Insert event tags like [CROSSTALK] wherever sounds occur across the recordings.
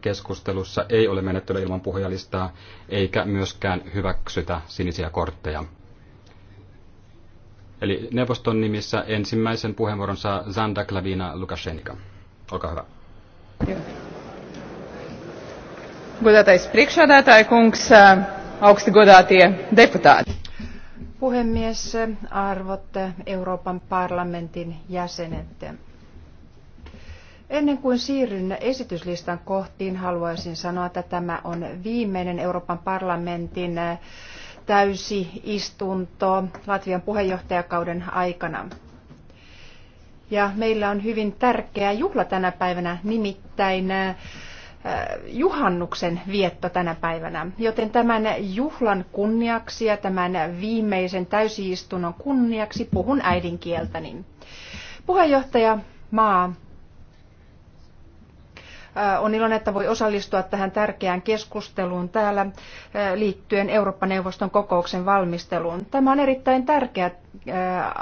keskustelussa ei ole menettelyä ilman puhujalistaa, eikä myöskään hyväksytä sinisiä kortteja. Eli neuvoston nimissä ensimmäisen puheenvuoron saa Zanda Klavina Lukashenika. Olkaa hyvä. Godātais priekšādātāji kungs, augsti godātie Puhemies, arvot Euroopan parlamentin jäsenet. Ennen kuin siirryn esityslistan kohtiin, haluaisin sanoa, että tämä on viimeinen Euroopan parlamentin äh, täysistunto Latvian puheenjohtajakauden aikana. Ja meillä on hyvin tärkeä juhla tänä päivänä, nimittäin äh, juhannuksen vietto tänä päivänä. Joten tämän juhlan kunniaksi ja tämän viimeisen täysiistunnon kunniaksi puhun äidinkieltäni. Puheenjohtaja Maa Äh, on iloinen, että voi osallistua tähän tärkeään keskusteluun täällä äh, liittyen Eurooppa-neuvoston kokouksen valmisteluun. Tämä on erittäin tärkeä äh,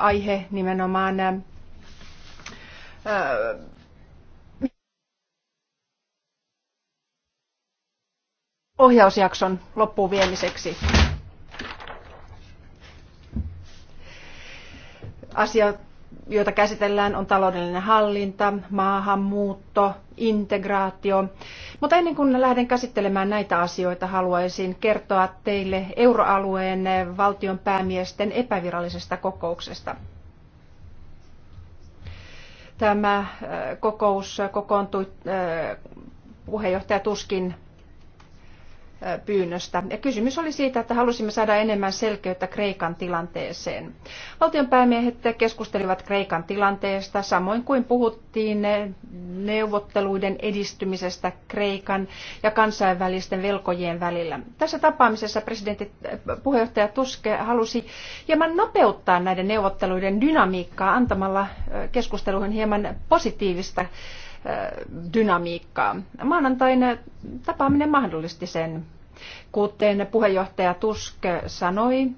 aihe nimenomaan ohjausjakson loppuun viemiseksi. Asiat joita käsitellään, on taloudellinen hallinta, maahanmuutto, integraatio. Mutta ennen kuin lähden käsittelemään näitä asioita, haluaisin kertoa teille euroalueen valtion päämiesten epävirallisesta kokouksesta. Tämä äh, kokous kokoontui äh, puheenjohtaja Tuskin pyynnöstä. Ja kysymys oli siitä, että halusimme saada enemmän selkeyttä Kreikan tilanteeseen. Valtionpäämiehet keskustelivat Kreikan tilanteesta, samoin kuin puhuttiin neuvotteluiden edistymisestä Kreikan ja kansainvälisten velkojien välillä. Tässä tapaamisessa presidentti puheenjohtaja Tuske halusi hieman nopeuttaa näiden neuvotteluiden dynamiikkaa antamalla keskusteluihin hieman positiivista dynamiikkaa. Maanantaina tapaaminen mahdollisti sen. Kuten puheenjohtaja Tusk sanoi,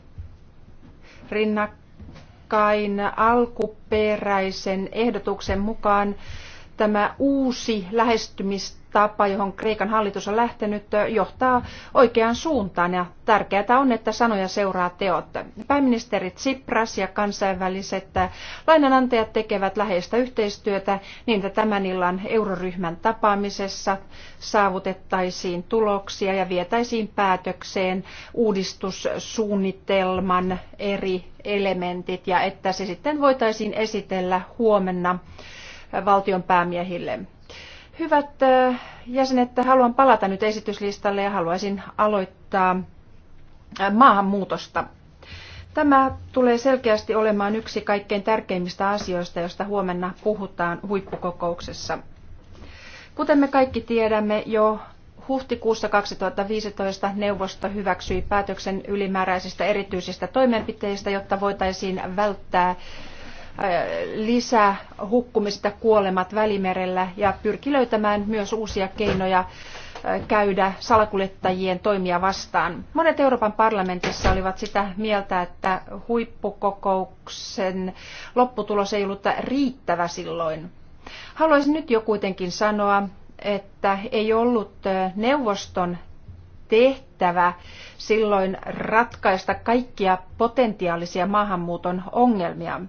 rinnakkain alkuperäisen ehdotuksen mukaan tämä uusi lähestymistapa tapa, johon Kreikan hallitus on lähtenyt, johtaa oikeaan suuntaan ja tärkeää on, että sanoja seuraa teot. Pääministeri Tsipras ja kansainväliset lainanantajat tekevät läheistä yhteistyötä niin, että tämän illan euroryhmän tapaamisessa saavutettaisiin tuloksia ja vietäisiin päätökseen uudistussuunnitelman eri elementit ja että se sitten voitaisiin esitellä huomenna valtion päämiehille. Hyvät jäsenet, haluan palata nyt esityslistalle ja haluaisin aloittaa maahanmuutosta. Tämä tulee selkeästi olemaan yksi kaikkein tärkeimmistä asioista, josta huomenna puhutaan huippukokouksessa. Kuten me kaikki tiedämme, jo huhtikuussa 2015 neuvosto hyväksyi päätöksen ylimääräisistä erityisistä toimenpiteistä, jotta voitaisiin välttää lisää hukkumista kuolemat välimerellä ja pyrki löytämään myös uusia keinoja käydä salakuljettajien toimia vastaan. Monet Euroopan parlamentissa olivat sitä mieltä, että huippukokouksen lopputulos ei ollut riittävä silloin. Haluaisin nyt jo kuitenkin sanoa, että ei ollut neuvoston tehtävä silloin ratkaista kaikkia potentiaalisia maahanmuuton ongelmia.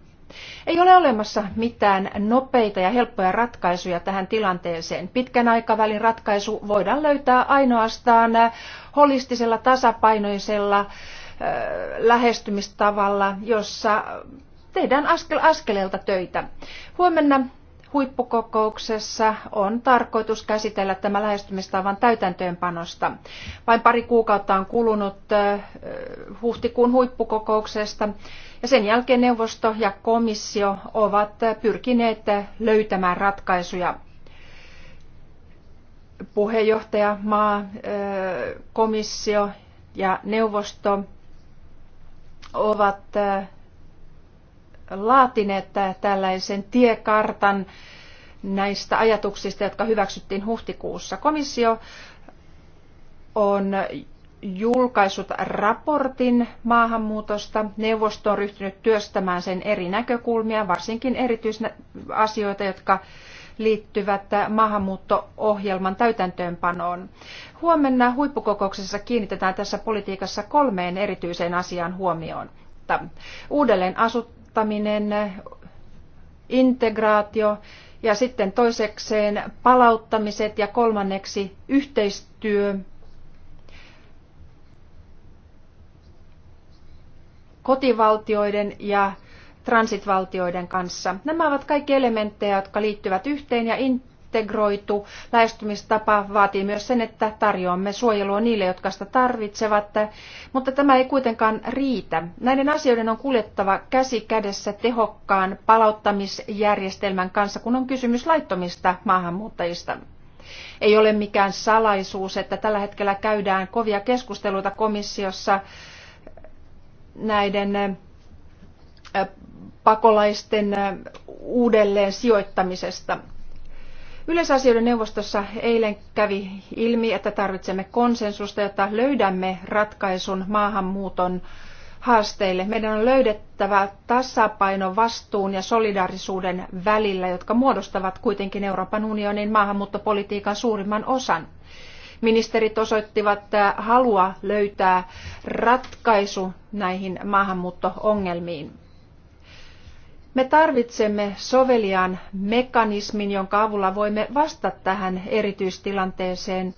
Ei ole olemassa mitään nopeita ja helppoja ratkaisuja tähän tilanteeseen. Pitkän aikavälin ratkaisu voidaan löytää ainoastaan äh, holistisella tasapainoisella äh, lähestymistavalla, jossa tehdään askel askeleelta töitä. Huomenna huippukokouksessa on tarkoitus käsitellä tämä lähestymistavan täytäntöönpanosta. Vain pari kuukautta on kulunut huhtikuun huippukokouksesta ja sen jälkeen neuvosto ja komissio ovat pyrkineet löytämään ratkaisuja puheenjohtaja, maa, komissio ja neuvosto ovat laatineet tällaisen tiekartan näistä ajatuksista, jotka hyväksyttiin huhtikuussa. Komissio on julkaisut raportin maahanmuutosta. Neuvosto on ryhtynyt työstämään sen eri näkökulmia, varsinkin erityisasioita, jotka liittyvät maahanmuutto-ohjelman täytäntöönpanoon. Huomenna huippukokouksessa kiinnitetään tässä politiikassa kolmeen erityiseen asiaan huomioon. Uudelleen asut auttaminen, integraatio ja sitten toisekseen palauttamiset ja kolmanneksi yhteistyö. kotivaltioiden ja transitvaltioiden kanssa. Nämä ovat kaikki elementtejä, jotka liittyvät yhteen ja integroitu lähestymistapa vaatii myös sen, että tarjoamme suojelua niille, jotka sitä tarvitsevat, mutta tämä ei kuitenkaan riitä. Näiden asioiden on kuljettava käsi kädessä tehokkaan palauttamisjärjestelmän kanssa, kun on kysymys laittomista maahanmuuttajista. Ei ole mikään salaisuus, että tällä hetkellä käydään kovia keskusteluita komissiossa näiden pakolaisten uudelleen sijoittamisesta. Yleisasioiden neuvostossa eilen kävi ilmi, että tarvitsemme konsensusta, jotta löydämme ratkaisun maahanmuuton haasteille. Meidän on löydettävä tasapaino vastuun ja solidaarisuuden välillä, jotka muodostavat kuitenkin Euroopan unionin maahanmuuttopolitiikan suurimman osan. Ministerit osoittivat äh, halua löytää ratkaisu näihin maahanmuutto-ongelmiin. Me tarvitsemme sovelian mekanismin, jonka avulla voimme vastata tähän erityistilanteeseen.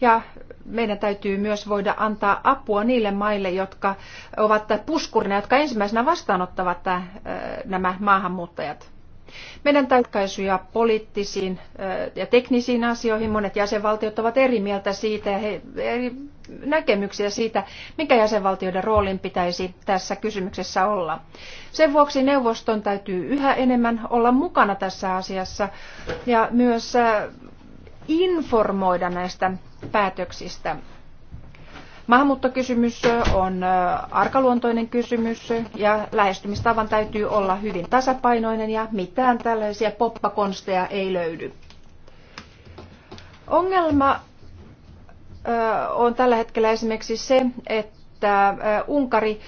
Ja meidän täytyy myös voida antaa apua niille maille, jotka ovat puskurina, jotka ensimmäisenä vastaanottavat äh, nämä maahanmuuttajat. Meidän täytkäisyjä poliittisiin äh, ja teknisiin asioihin monet jäsenvaltiot ovat eri mieltä siitä ja he näkemyksiä siitä, mikä jäsenvaltioiden roolin pitäisi tässä kysymyksessä olla. Sen vuoksi neuvoston täytyy yhä enemmän olla mukana tässä asiassa ja myös äh, informoida näistä päätöksistä. Maahanmuuttokysymys äh, on äh, arkaluontoinen kysymys ja lähestymistavan täytyy olla hyvin tasapainoinen ja mitään tällaisia poppakonsteja ei löydy. Ongelma on tällä hetkellä esimerkiksi se, että Unkari,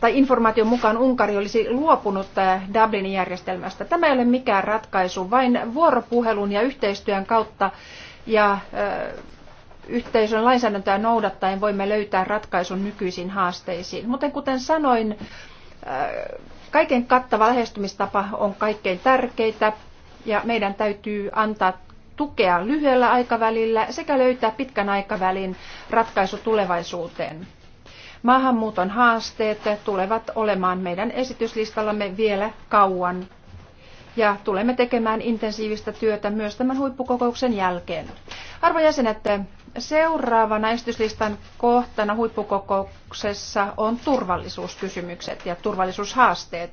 tai informaation mukaan Unkari olisi luopunut Dublinin järjestelmästä. Tämä ei ole mikään ratkaisu, vain vuoropuhelun ja yhteistyön kautta ja yhteisön lainsäädäntöä noudattaen voimme löytää ratkaisun nykyisiin haasteisiin. Mutta kuten sanoin, kaiken kattava lähestymistapa on kaikkein tärkeintä ja meidän täytyy antaa tukea lyhyellä aikavälillä sekä löytää pitkän aikavälin ratkaisu tulevaisuuteen. Maahanmuuton haasteet tulevat olemaan meidän esityslistallamme vielä kauan ja tulemme tekemään intensiivistä työtä myös tämän huippukokouksen jälkeen. jäsenet. Seuraavana esityslistan kohtana huippukokouksessa on turvallisuuskysymykset ja turvallisuushaasteet.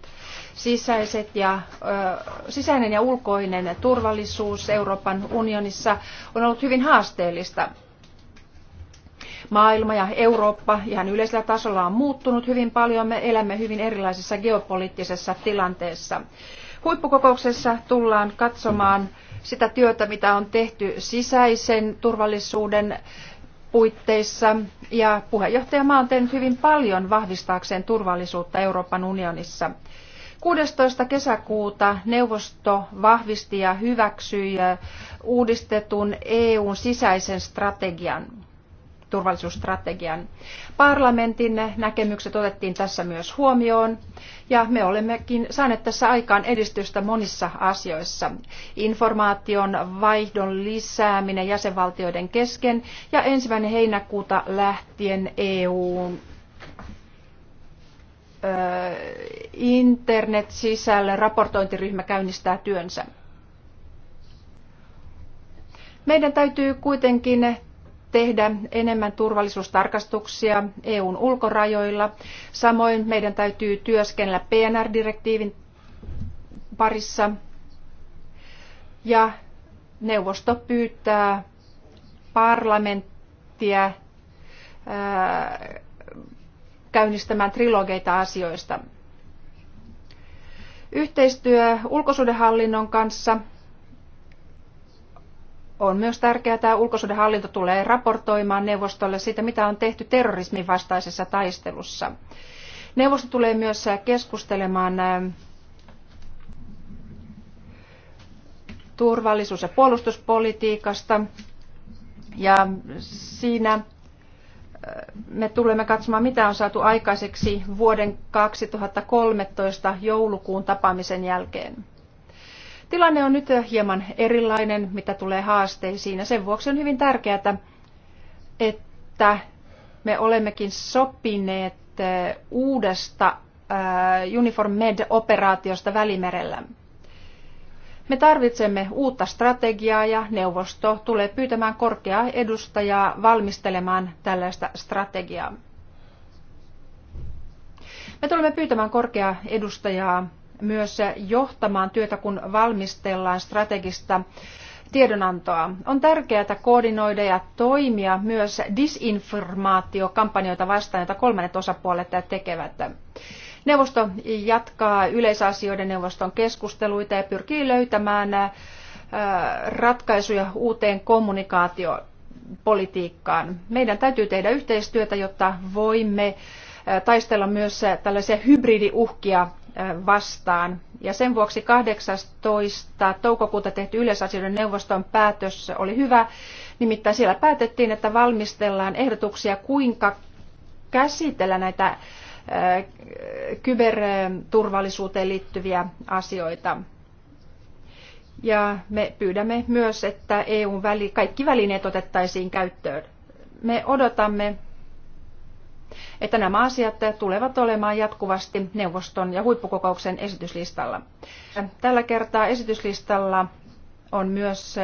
Sisäiset ja, ö, sisäinen ja ulkoinen turvallisuus Euroopan unionissa on ollut hyvin haasteellista. Maailma ja Eurooppa ihan yleisellä tasolla on muuttunut hyvin paljon. Me elämme hyvin erilaisessa geopoliittisessa tilanteessa. Huippukokouksessa tullaan katsomaan sitä työtä, mitä on tehty sisäisen turvallisuuden puitteissa. Ja puheenjohtajamaa on tehnyt hyvin paljon vahvistaakseen turvallisuutta Euroopan unionissa. 16. kesäkuuta neuvosto vahvisti ja hyväksyi uudistetun EUn sisäisen strategian turvallisuusstrategian. Parlamentin näkemykset otettiin tässä myös huomioon ja me olemmekin saaneet tässä aikaan edistystä monissa asioissa. Informaation vaihdon lisääminen jäsenvaltioiden kesken ja ensimmäinen heinäkuuta lähtien EUn internet sisällä raportointiryhmä käynnistää työnsä. Meidän täytyy kuitenkin tehdä enemmän turvallisuustarkastuksia EUn ulkorajoilla. Samoin meidän täytyy työskennellä PNR-direktiivin parissa. Ja neuvosto pyytää parlamenttia ää, käynnistämään trilogeita asioista. Yhteistyö ulkosuhdehallinnon kanssa – on myös tärkeää, että ulkosuhdehallinto tulee raportoimaan neuvostolle siitä, mitä on tehty terrorismin vastaisessa taistelussa. Neuvosto tulee myös keskustelemaan turvallisuus- ja puolustuspolitiikasta. Ja siinä me tulemme katsomaan, mitä on saatu aikaiseksi vuoden 2013 joulukuun tapaamisen jälkeen. Tilanne on nyt hieman erilainen, mitä tulee haasteisiin, ja sen vuoksi on hyvin tärkeää, että me olemmekin sopineet eh, uudesta eh, Uniform Med-operaatiosta Välimerellä. Me tarvitsemme uutta strategiaa ja neuvosto tulee pyytämään korkeaa edustajaa valmistelemaan tällaista strategiaa. Me tulemme pyytämään korkeaa edustajaa myös johtamaan työtä, kun valmistellaan strategista tiedonantoa. On tärkeää koordinoida ja toimia myös disinformaatiokampanjoita vastaan, joita kolmannet osapuolet tekevät. Neuvosto jatkaa yleisasioiden neuvoston keskusteluita ja pyrkii löytämään äh, ratkaisuja uuteen kommunikaatiopolitiikkaan. Meidän täytyy tehdä yhteistyötä, jotta voimme äh, taistella myös äh, tällaisia hybridiuhkia vastaan. Ja sen vuoksi 18. toukokuuta tehty yleisasioiden neuvoston päätös oli hyvä. Nimittäin siellä päätettiin, että valmistellaan ehdotuksia, kuinka käsitellä näitä kyberturvallisuuteen liittyviä asioita. Ja me pyydämme myös, että EUn väli, kaikki välineet otettaisiin käyttöön. Me odotamme että nämä asiat tulevat olemaan jatkuvasti neuvoston ja huippukokouksen esityslistalla. Tällä kertaa esityslistalla on myös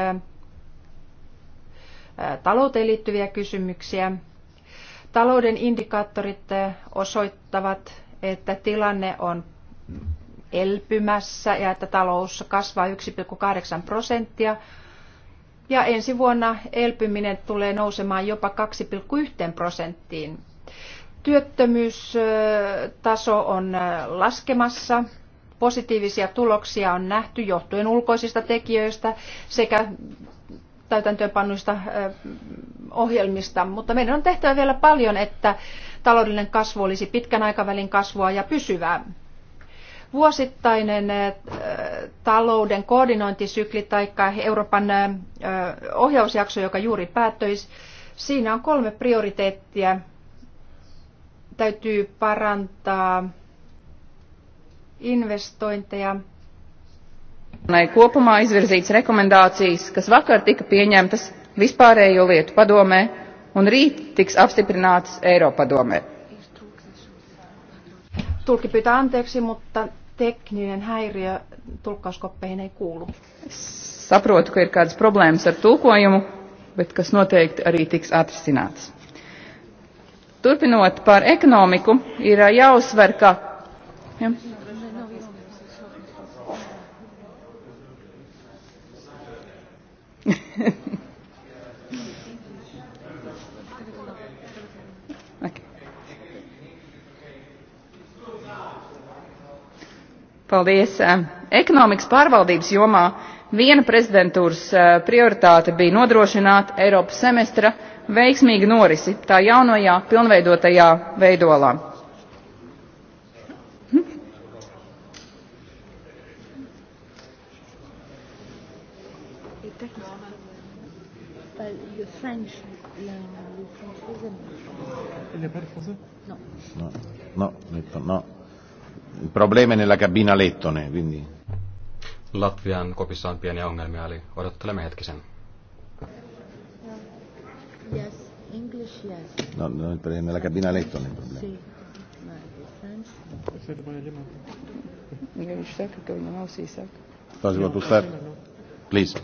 talouteen liittyviä kysymyksiä. Talouden indikaattorit osoittavat, että tilanne on elpymässä ja että talous kasvaa 1,8 prosenttia. Ja ensi vuonna elpyminen tulee nousemaan jopa 2,1 prosenttiin. Työttömyystaso on laskemassa. Positiivisia tuloksia on nähty johtuen ulkoisista tekijöistä sekä täytäntöönpannuista ohjelmista, mutta meidän on tehtävä vielä paljon, että taloudellinen kasvu olisi pitkän aikavälin kasvua ja pysyvää. Vuosittainen talouden koordinointisykli tai Euroopan ohjausjakso, joka juuri päättöisi, siinä on kolme prioriteettia, Täytyy parantaa investointeja. Kopumā izvirzīts rekomendācijas, kas vakar tika pieņemtas vispārējo lietu padomē un rīt tiks apstiprinātas Eiropadomē. Tulkki pyytää anteeksi, mutta tekninen häiriö tulkkauskoppeihin ei kuulu. Saprotu, ka ir kādas problēmas ar tulkojumu, bet kas noteikti arī tiks atrisinātas. Turpinot par ekonomiku, ir jāuzsver, ka. Ja? [LAUGHS] Paldies. Ekonomikas pārvaldības jomā viena prezidentūras prioritāte bija nodrošināt Eiropas semestra veiksmīgu norisi tā jaunajā pilnveidotajā veidolā. No, no, no. Il problema è nella cabina lettone, quindi. Latvian kopissa on pieniä ongelmia, eli odottelemme hetkisen. Yes, English, yes. No, no pero en la cabina no problema. Sì. Miga viņš saka, Please.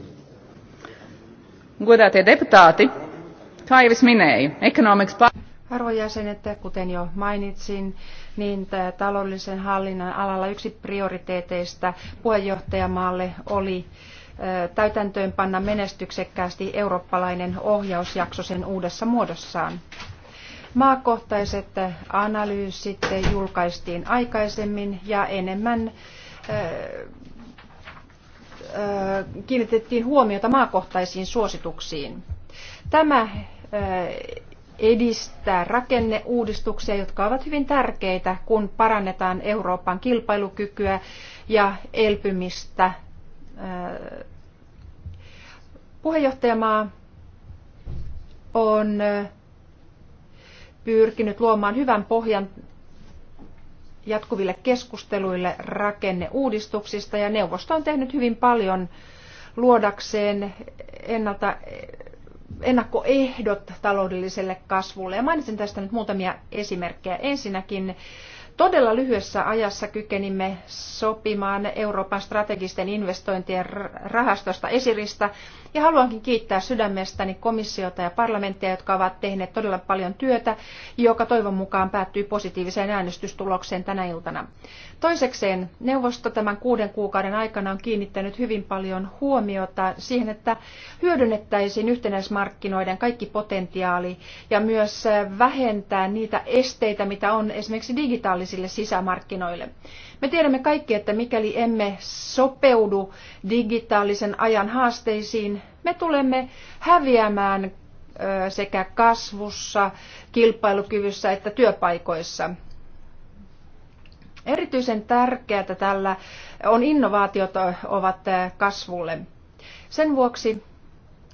Arvojäsenet, kuten jo mainitsin, niin taloudellisen hallinnan alalla yksi prioriteeteista puheenjohtajamaalle oli täytäntöönpanna menestyksekkäästi eurooppalainen ohjausjakso sen uudessa muodossaan. Maakohtaiset analyysit julkaistiin aikaisemmin ja enemmän kiinnitettiin huomiota maakohtaisiin suosituksiin. Tämä edistää rakenneuudistuksia, jotka ovat hyvin tärkeitä, kun parannetaan Euroopan kilpailukykyä ja elpymistä puheenjohtajamaa on pyrkinyt luomaan hyvän pohjan jatkuville keskusteluille rakenneuudistuksista ja neuvosto on tehnyt hyvin paljon luodakseen ennalta ennakkoehdot taloudelliselle kasvulle. Ja mainitsen tästä nyt muutamia esimerkkejä. Ensinnäkin todella lyhyessä ajassa kykenimme sopimaan Euroopan strategisten investointien rahastosta esiristä ja haluankin kiittää sydämestäni komissiota ja parlamenttia, jotka ovat tehneet todella paljon työtä, joka toivon mukaan päättyy positiiviseen äänestystulokseen tänä iltana. Toisekseen neuvosto tämän kuuden kuukauden aikana on kiinnittänyt hyvin paljon huomiota siihen, että hyödynnettäisiin yhtenäismarkkinoiden kaikki potentiaali ja myös vähentää niitä esteitä, mitä on esimerkiksi digitaalisille sisämarkkinoille. Me tiedämme kaikki, että mikäli emme sopeudu digitaalisen ajan haasteisiin, me tulemme häviämään sekä kasvussa, kilpailukyvyssä että työpaikoissa. Erityisen tärkeää tällä on innovaatiot ovat kasvulle. Sen vuoksi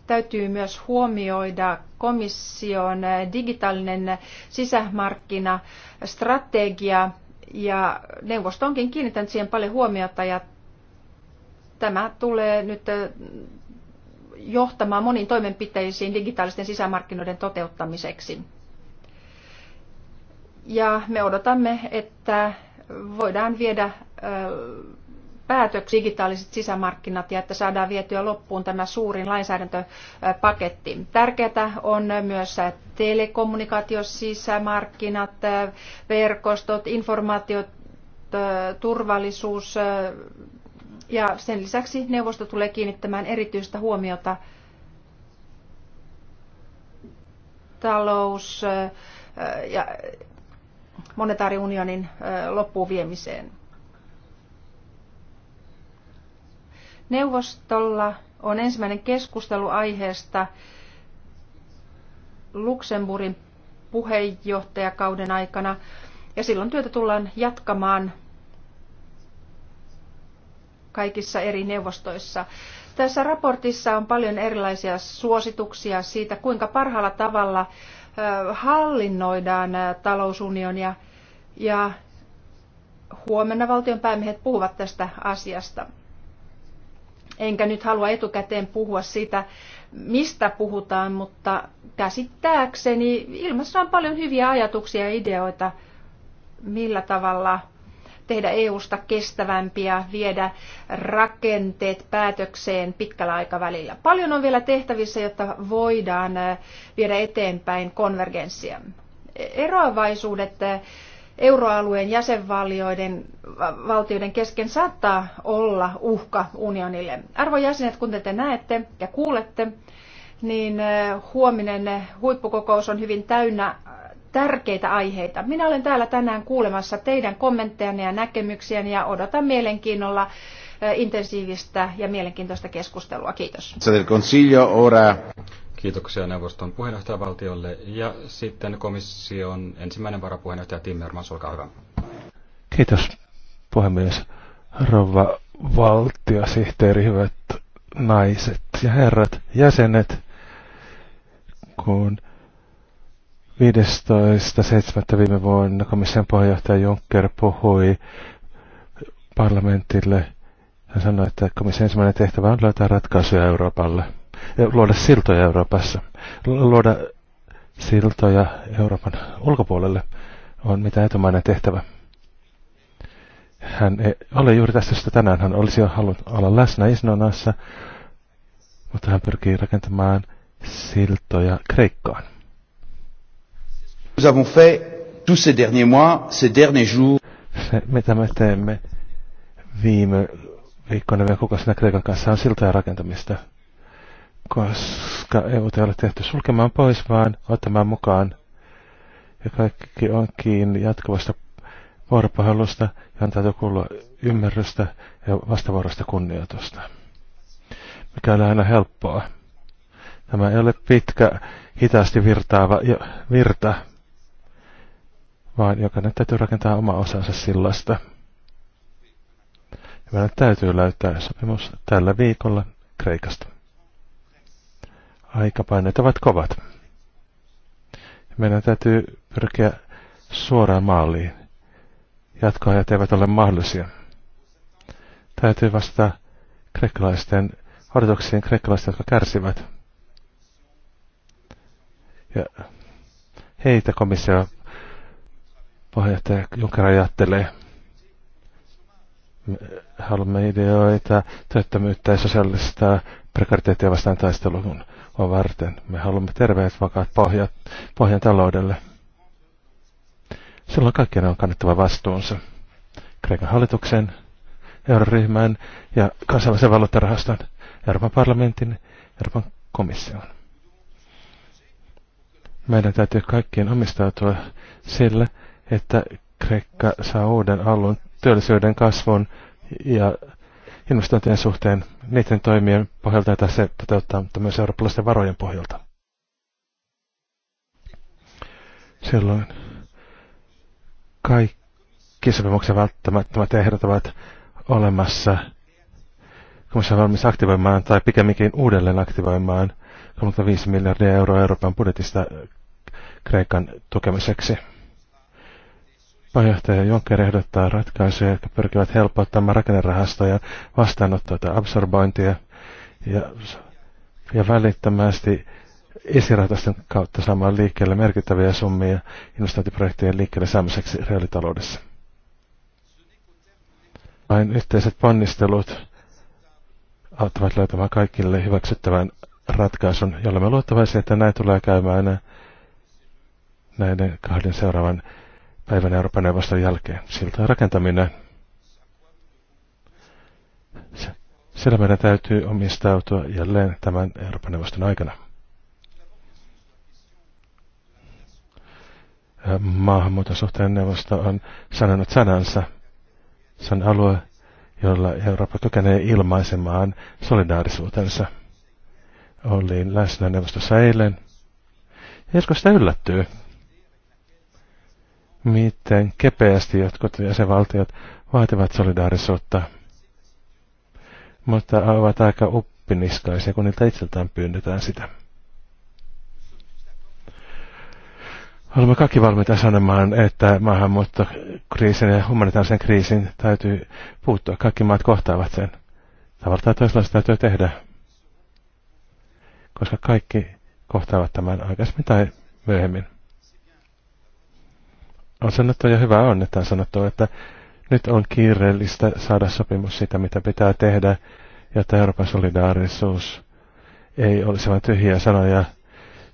täytyy myös huomioida komission digitaalinen sisämarkkinastrategia, ja neuvosto onkin kiinnittänyt siihen paljon huomiota ja tämä tulee nyt johtamaan moniin toimenpiteisiin digitaalisten sisämarkkinoiden toteuttamiseksi. Ja me odotamme, että voidaan viedä päätöksiä digitaaliset sisämarkkinat ja että saadaan vietyä loppuun tämä suurin lainsäädäntöpaketti. Tärkeää on myös telekommunikaatiosisämarkkinat, verkostot, informaatiot, turvallisuus ja sen lisäksi neuvosto tulee kiinnittämään erityistä huomiota talous ja monetaariunionin loppuun viemiseen. Neuvostolla on ensimmäinen keskustelu aiheesta Luxemburgin puheenjohtajakauden aikana, ja silloin työtä tullaan jatkamaan kaikissa eri neuvostoissa. Tässä raportissa on paljon erilaisia suosituksia siitä, kuinka parhaalla tavalla hallinnoidaan talousunionia ja huomenna valtion päämiehet puhuvat tästä asiasta enkä nyt halua etukäteen puhua siitä, mistä puhutaan, mutta käsittääkseni ilmassa on paljon hyviä ajatuksia ja ideoita, millä tavalla tehdä EUsta kestävämpiä, viedä rakenteet päätökseen pitkällä aikavälillä. Paljon on vielä tehtävissä, jotta voidaan eh, viedä eteenpäin konvergenssia. E-, eroavaisuudet eh, euroalueen jäsenvaltioiden valtioiden kesken saattaa olla uhka unionille. Arvojäsenet, kun te, te näette ja kuulette, niin huominen huippukokous on hyvin täynnä tärkeitä aiheita. Minä olen täällä tänään kuulemassa teidän kommenttejanne ja näkemyksiänne ja odotan mielenkiinnolla intensiivistä ja mielenkiintoista keskustelua. Kiitos. Kiitoksia neuvoston puheenjohtajavaltiolle ja sitten komission ensimmäinen varapuheenjohtaja Timmermans, olkaa hyvä. Kiitos puhemies. Rouva valtiosihteeri, hyvät naiset ja herrat, jäsenet, kun 15.7. viime vuonna komission puheenjohtaja Juncker puhui parlamentille. Hän sanoi, että komission ensimmäinen tehtävä on löytää ratkaisuja Euroopalle – luoda siltoja Euroopassa. Luoda siltoja Euroopan ulkopuolelle on mitä etumainen tehtävä. Hän ei ole juuri tässä syystä tänään. Hän olisi jo halunnut olla läsnä Isnonassa, mutta hän pyrkii rakentamaan siltoja Kreikkaan. Nous avons fait tous ces derniers mois, ces derniers jours. Se, mitä me teemme viime viikkoina ja sinä Kreikan kanssa on siltojen rakentamista koska EU ei ole tehty sulkemaan pois, vaan ottamaan mukaan. Ja kaikki on kiinni jatkuvasta vuoropuhelusta, ja antaa kuulua ymmärrystä ja vastavuorosta kunnioitusta. Mikä on aina helppoa. Tämä ei ole pitkä, hitaasti virtaava virta, vaan jokainen täytyy rakentaa oma osansa sillasta. Ja meidän täytyy löytää sopimus tällä viikolla Kreikasta aikapaineet ovat kovat. Meidän täytyy pyrkiä suoraan maaliin. Jatkoajat eivät ole mahdollisia. Täytyy vastata kreikkalaisten odotuksiin kreikkalaisten, jotka kärsivät. Ja heitä komissio puheenjohtaja Juncker ajattelee. Me haluamme ideoita, työttömyyttä ja sosiaalista prekariteettia vastaan taistelun varten. Me haluamme terveet, vakaat pohjat, pohjan taloudelle. Silloin kaikkien on kannettava vastuunsa. Kreikan hallituksen, euroryhmän ja kansainvälisen valuuttarahaston, Euroopan parlamentin, Euroopan komission. Meidän täytyy kaikkien omistautua sillä, että Kreikka saa uuden alun työllisyyden kasvun ja investointien suhteen niiden toimien pohjalta, joita se toteuttaa, mutta myös eurooppalaisten varojen pohjalta. Silloin kaikki sopimuksen välttämättömät ehdot ovat olemassa. se on valmis aktivoimaan tai pikemminkin uudelleen aktivoimaan 35 miljardia euroa Euroopan budjetista Kreikan tukemiseksi. Pääjohtaja Juncker ehdottaa ratkaisuja, jotka pyrkivät helpottamaan rakennerahastoja vastaanottoa tai absorbointia ja, ja välittömästi esirahaston kautta saamaan liikkeelle merkittäviä summia investointiprojektien liikkeelle saamiseksi reaalitaloudessa. Vain yhteiset ponnistelut auttavat löytämään kaikille hyväksyttävän ratkaisun, jolla me luottavaisia, että näin tulee käymään näiden kahden seuraavan päivän Euroopan neuvoston jälkeen. Siltä rakentaminen. Sillä meidän täytyy omistautua jälleen tämän Euroopan neuvoston aikana. Maahanmuuton suhteen neuvosto on sanonut sanansa. Se on alue, jolla Eurooppa kykenee ilmaisemaan solidaarisuutensa. Olin läsnä neuvostossa eilen. Joskus sitä yllättyy miten kepeästi jotkut jäsenvaltiot vaativat solidaarisuutta, mutta ovat aika uppiniskaisia, kun niiltä itseltään pyydetään sitä. Olemme kaikki valmiita sanomaan, että maahanmuuttokriisin ja humanitaarisen kriisin täytyy puuttua. Kaikki maat kohtaavat sen. Tavalla tai toisella sitä täytyy tehdä, koska kaikki kohtaavat tämän aikaisemmin tai myöhemmin on sanottu ja hyvä on, että on sanottu, että nyt on kiireellistä saada sopimus siitä, mitä pitää tehdä, jotta Euroopan solidaarisuus ei olisi vain tyhjiä sanoja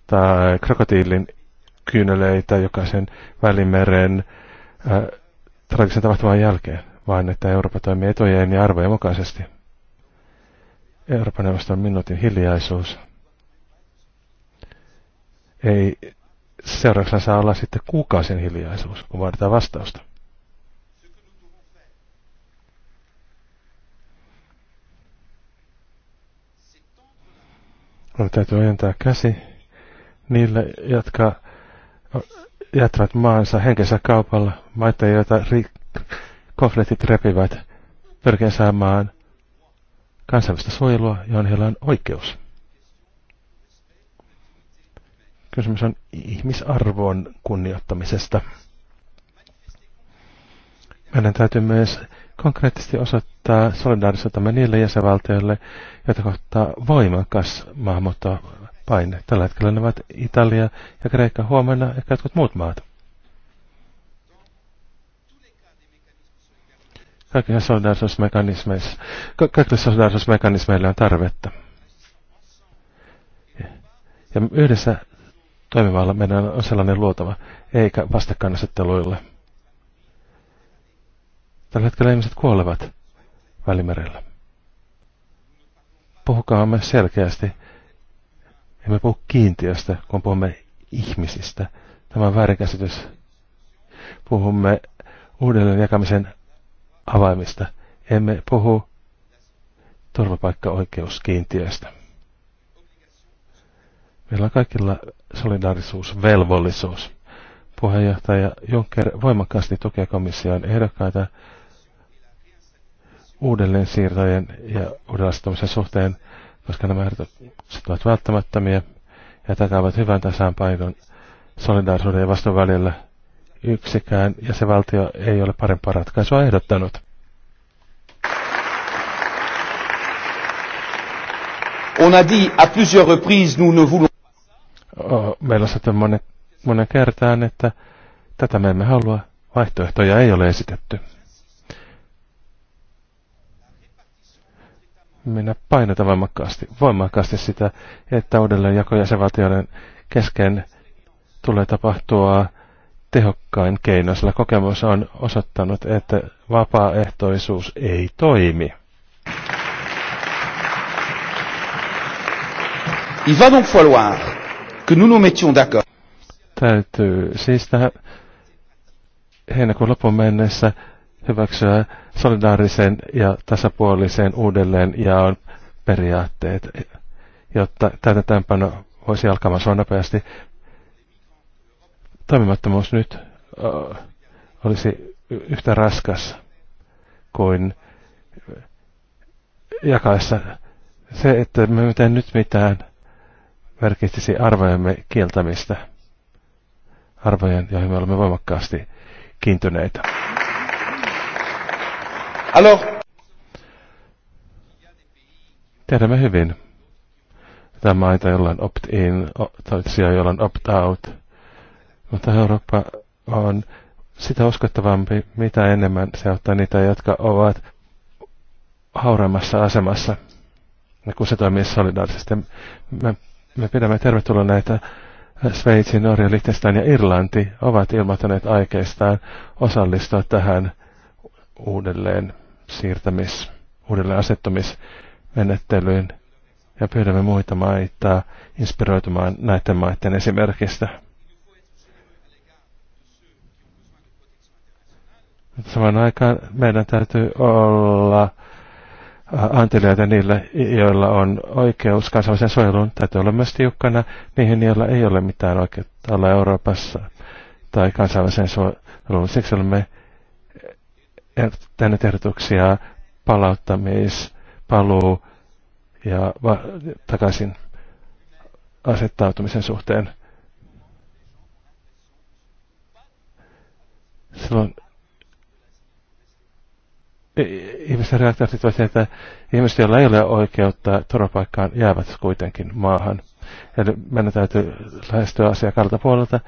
tai krokotiilin kyyneleitä jokaisen välimeren äh, tragisen tapahtuman jälkeen, vaan että Eurooppa toimii etujen ja arvojen mukaisesti. Euroopan neuvoston minuutin hiljaisuus ei Seurauksena saa olla sitten kuukausin hiljaisuus, kun vaaditaan vastausta. Meidän täytyy ojentaa käsi niille, jotka jättävät maansa henkensä kaupalla, maita, joita ri- konfliktit repivät, pyrkien saamaan kansainvälistä suojelua, johon heillä on oikeus. Kysymys on ihmisarvon kunnioittamisesta. Meidän täytyy myös konkreettisesti osoittaa solidaarisuutamme niille jäsenvaltioille, joita kohtaa voimakas maahanmuuttopaine. Tällä hetkellä ne ovat Italia ja Kreikka huomenna ehkä jotkut muut maat. Kaikilla solidaarisuusmekanismeissa, ka solidaarisuusmekanismeilla on tarvetta. Ja yhdessä toimivalla meidän on sellainen luotava, eikä vastakkainasetteluille. Tällä hetkellä ihmiset kuolevat välimerellä. Puhukaamme selkeästi. Emme puhu kiintiöstä, kun puhumme ihmisistä. Tämä on väärinkäsitys. Puhumme uudelleen jakamisen avaimista. Emme puhu turvapaikkaoikeuskiintiöstä. Meillä on kaikilla solidaarisuusvelvollisuus. Puheenjohtaja Juncker voimakkaasti tukee komission ehdokkaita uudelleen siirtojen ja uudelleen suhteen, koska nämä ehdotukset ovat välttämättömiä ja takaavat hyvän tasapainon solidaarisuuden ja vastuun välillä. Yksikään ja se valtio ei ole parempaa ratkaisua ehdottanut. On a dit à plusieurs reprises, nous ne voulons Oh, meillä on sattu monen, monen kertaan, että tätä me emme halua. Vaihtoehtoja ei ole esitetty. Minä painotan voimakkaasti, voimakkaasti sitä, että jako jäsenvaltioiden kesken tulee tapahtua tehokkain keino, sillä kokemus on osoittanut, että vapaaehtoisuus ei toimi. Il va donc falloir que nous nous mettions d'accord. Täytyy siis heinäkuun loppuun mennessä hyväksyä solidaarisen ja tasapuolisen uudelleen ja on periaatteet, jotta täytäntöönpano voisi alkaa mahdollisimman nopeasti. Toimimattomuus nyt olisi yhtä raskas kuin jakaessa se, että me ei nyt mitään merkitsisi arvojemme kieltämistä, arvojen, joihin me olemme voimakkaasti kiintyneitä. Alo? Tiedämme hyvin. Tämä maita, jolla on opt-in, toisia, jolla on opt-out. Mutta Eurooppa on sitä uskottavampi, mitä enemmän se auttaa niitä, jotka ovat hauraimmassa asemassa. Ja kun se toimii solidaarisesti, me me pidämme tervetuloa näitä äh, Sveitsi, Norja, Liechtenstein ja Irlanti ovat ilmoittaneet aikeistaan osallistua tähän uudelleen siirtämis, uudelleen asettumismenettelyyn ja pyydämme muita maita inspiroitumaan näiden maiden esimerkistä. Samaan aikaan meidän täytyy olla anteliaita niille, joilla on oikeus kansallisen suojeluun. Täytyy olla myös tiukkana niihin, joilla ei ole mitään oikeutta olla Euroopassa tai kansainväliseen suojeluun. Siksi olemme tänne ehdotuksia palauttamis, paluu ja va- takaisin asettautumisen suhteen. Silloin ihmisten reaktiot ovat että ihmiset, joilla ei ole oikeutta turvapaikkaan, jäävät kuitenkin maahan. Eli meidän täytyy lähestyä asiaa kalta puolelta.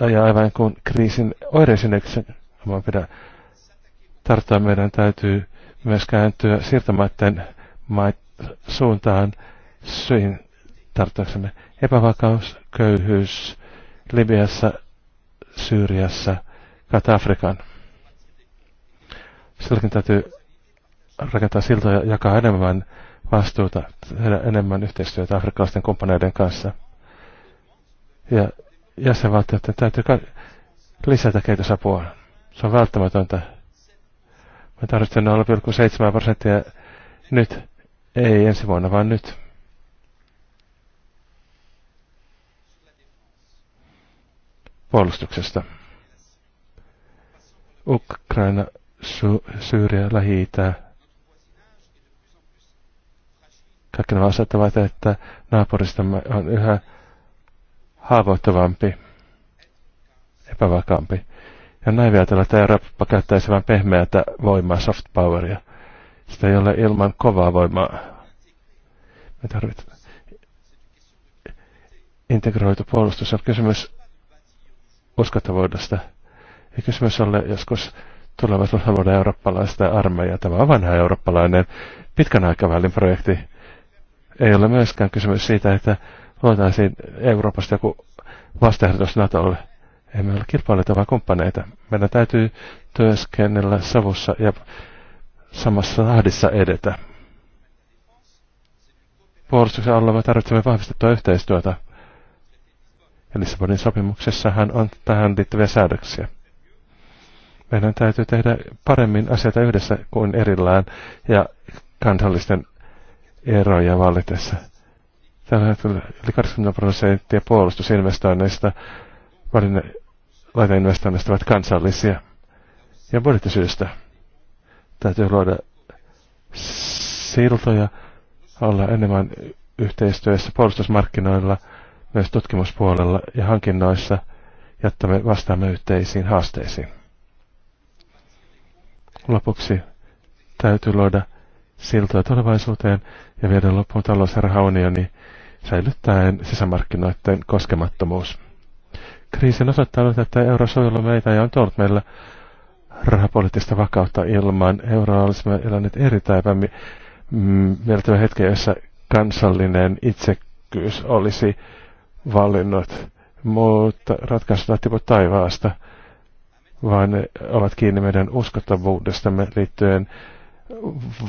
Ja aivan kuin kriisin oireisineksi, eikö pidä tarttua, meidän täytyy myös kääntyä siirtomaiden mait suuntaan syin tarttuaksemme. Epävakaus, köyhyys, Libiassa, Syyriassa, kautta Afrikan. Silläkin täytyy rakentaa siltoja ja jakaa enemmän vastuuta, tehdä enemmän yhteistyötä afrikkalaisten kumppaneiden kanssa. Ja jäsenvaltioiden täytyy lisätä kehitysapua. Se on välttämätöntä. Me tarvitsemme 0,7 prosenttia nyt, ei ensi vuonna, vaan nyt. Puolustuksesta. Ukraina Su- Syyriä, Lähi-Itä. Kaikki nämä ovat, että naapuristamme on yhä haavoittuvampi, epävakaampi. Ja näin tällä, että Eurooppa käyttäisi vain pehmeätä voimaa, soft poweria. Sitä ei ole ilman kovaa voimaa. Me tarvitsemme integroitu puolustus on kysymys uskottavuudesta. Ei kysymys ole joskus tulevat eurooppalaista armeijaa. Tämä on vanha eurooppalainen pitkän aikavälin projekti. Ei ole myöskään kysymys siitä, että luotaisiin Euroopasta joku vastaehdotus Natolle. Emme ole kilpailijoita, vaan kumppaneita. Meidän täytyy työskennellä savussa ja samassa tahdissa edetä. Puolustuksen alla me tarvitsemme vahvistettua yhteistyötä. Ja Lissabonin sopimuksessahan on tähän liittyviä säädöksiä. Meidän täytyy tehdä paremmin asioita yhdessä kuin erillään ja kansallisten eroja vallitessa. Tällä hetkellä yli 80 prosenttia puolustusinvestoinneista, laiteinvestoinneista ovat kansallisia. Ja budjettisyystä täytyy luoda siltoja, olla enemmän yhteistyössä puolustusmarkkinoilla, myös tutkimuspuolella ja hankinnoissa, jotta me vastaamme yhteisiin haasteisiin. Lopuksi täytyy luoda siltoja tulevaisuuteen ja viedä loppuun talous- ja rahaunioni säilyttäen sisämarkkinoiden koskemattomuus. Kriisin osoittanut, että euro suojelu meitä ja on tuonut meillä rahapoliittista vakautta ilman euroa olisimme eläneet erittäin mm, mieltävä hetki, jossa kansallinen itsekkyys olisi valinnut, mutta ratkaisu tiput taivaasta – vaan ne ovat kiinni meidän uskottavuudestamme liittyen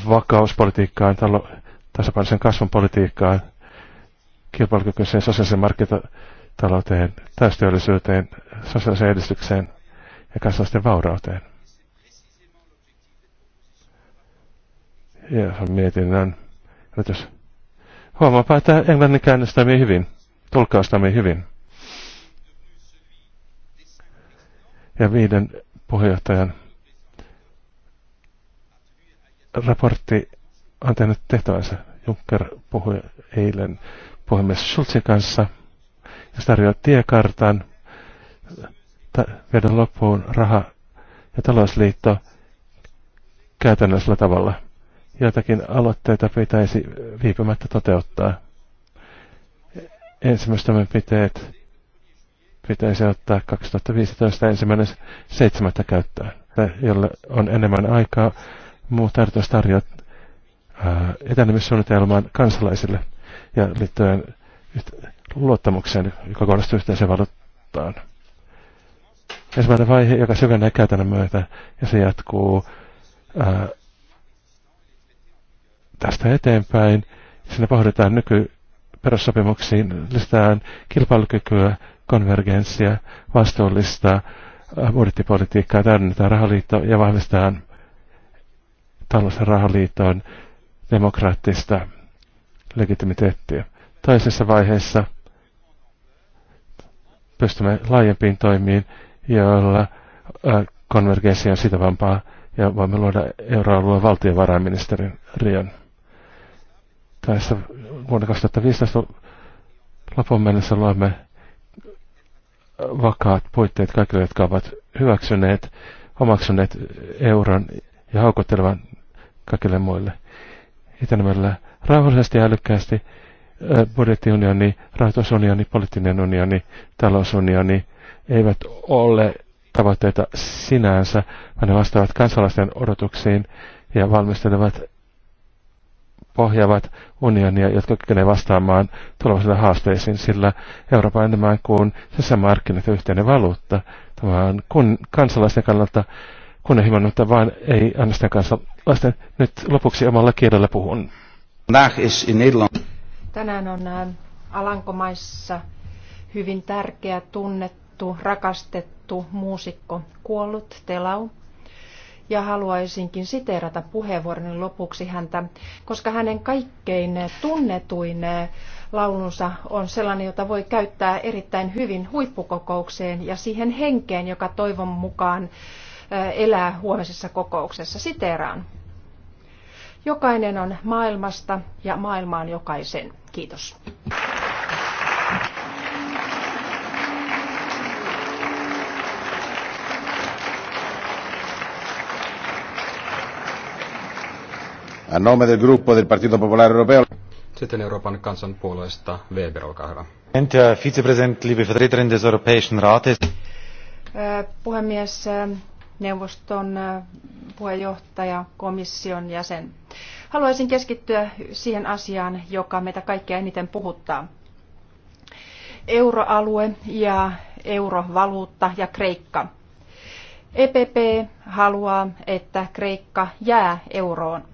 vakauspolitiikkaan, talo, tasapainoisen kasvun politiikkaan, kilpailukykyiseen sosiaaliseen markkinatalouteen, täystyöllisyyteen, sosiaaliseen edistykseen ja kansalaisten vaurauteen. Ja mietinnän yritys. Huomaapa, että englannin käännös toimii hyvin, Tulkaus toimii hyvin. ja viiden puheenjohtajan raportti on tehnyt tehtävänsä. Juncker puhui eilen puhemies Schulzin kanssa ja tarjoaa tiekartan viedä loppuun raha- ja talousliitto käytännöllisellä tavalla. Joitakin aloitteita pitäisi viipymättä toteuttaa. Ensimmäiset toimenpiteet pitäisi ottaa 2015 ensimmäinen seitsemättä käyttöön, eh, jolle on enemmän aikaa. Muu tarkoitus tarjoaa eh, etenemissuunnitelman kansalaisille ja liittyen luottamukseen, joka kohdistuu yhteiseen valuuttaan. Ensimmäinen vaihe, joka syvenee käytännön myötä, ja se jatkuu ää, eh, tästä eteenpäin. Siinä pohditaan nykyperussopimuksiin, lisätään kilpailukykyä konvergenssia, vastuullista äh, budjettipolitiikkaa, täydennetään rahaliitto ja vahvistetaan talous- ja rahaliiton demokraattista legitimiteettiä. Toisessa vaiheessa pystymme laajempiin toimiin, joilla äh, konvergenssi on sitovampaa ja voimme luoda euroalueen valtiovarainministerin rion. Tässä vuonna 2015 lopun mennessä luomme vakaat puitteet kaikille, jotka ovat hyväksyneet, omaksuneet euron ja haukottelevan kaikille muille. Itänemällä rauhallisesti ja älykkäästi budjettiunioni, rahoitusunioni, poliittinen unioni, talousunioni eivät ole tavoitteita sinänsä, vaan ne vastaavat kansalaisten odotuksiin ja valmistelevat pohjaavat unionia, jotka kykenevät vastaamaan tulevaisille haasteisiin, sillä Euroopan enemmän kuin sisämarkkinat ja yhteinen valuutta. Tämä on kun, kansalaisten kannalta kunnianhimoinen, mutta vaan ei ainoastaan kansalaisten. Nyt lopuksi omalla kielellä puhun. Tänään on äh, Alankomaissa hyvin tärkeä, tunnettu, rakastettu muusikko kuollut, Telau ja haluaisinkin siteerata puheenvuoroni lopuksi häntä, koska hänen kaikkein tunnetuin laulunsa on sellainen, jota voi käyttää erittäin hyvin huippukokoukseen ja siihen henkeen, joka toivon mukaan elää huomisessa kokouksessa. Siteeraan. Jokainen on maailmasta ja maailma on jokaisen. Kiitos. A nome del gruppo del Partito Popolare Europeo. Sitten Euroopan kansanpuolueesta Weber, olkaa hyvä. Vicepresident, liebe Vertreterin des Europäischen Rates. Puhemies, neuvoston puheenjohtaja, komission jäsen. Haluaisin keskittyä siihen asiaan, joka meitä kaikkia eniten puhuttaa. Euroalue ja eurovaluutta ja Kreikka. EPP haluaa, että Kreikka jää euroon.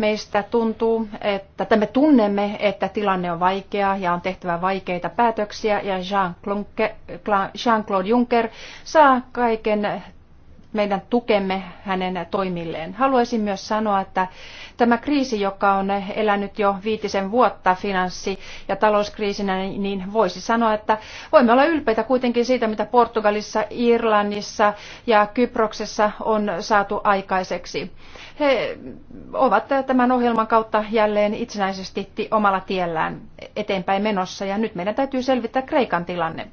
Meistä tuntuu, että, että me tunnemme, että tilanne on vaikea ja on tehtävä vaikeita päätöksiä ja Jean-Claude Juncker saa kaiken meidän tukemme hänen toimilleen. Haluaisin myös sanoa, että tämä kriisi, joka on elänyt jo viitisen vuotta finanssi- ja talouskriisinä, niin voisi sanoa, että voimme olla ylpeitä kuitenkin siitä, mitä Portugalissa, Irlannissa ja Kyproksessa on saatu aikaiseksi. He ovat tämän ohjelman kautta jälleen itsenäisesti omalla tiellään eteenpäin menossa ja nyt meidän täytyy selvittää Kreikan tilanne.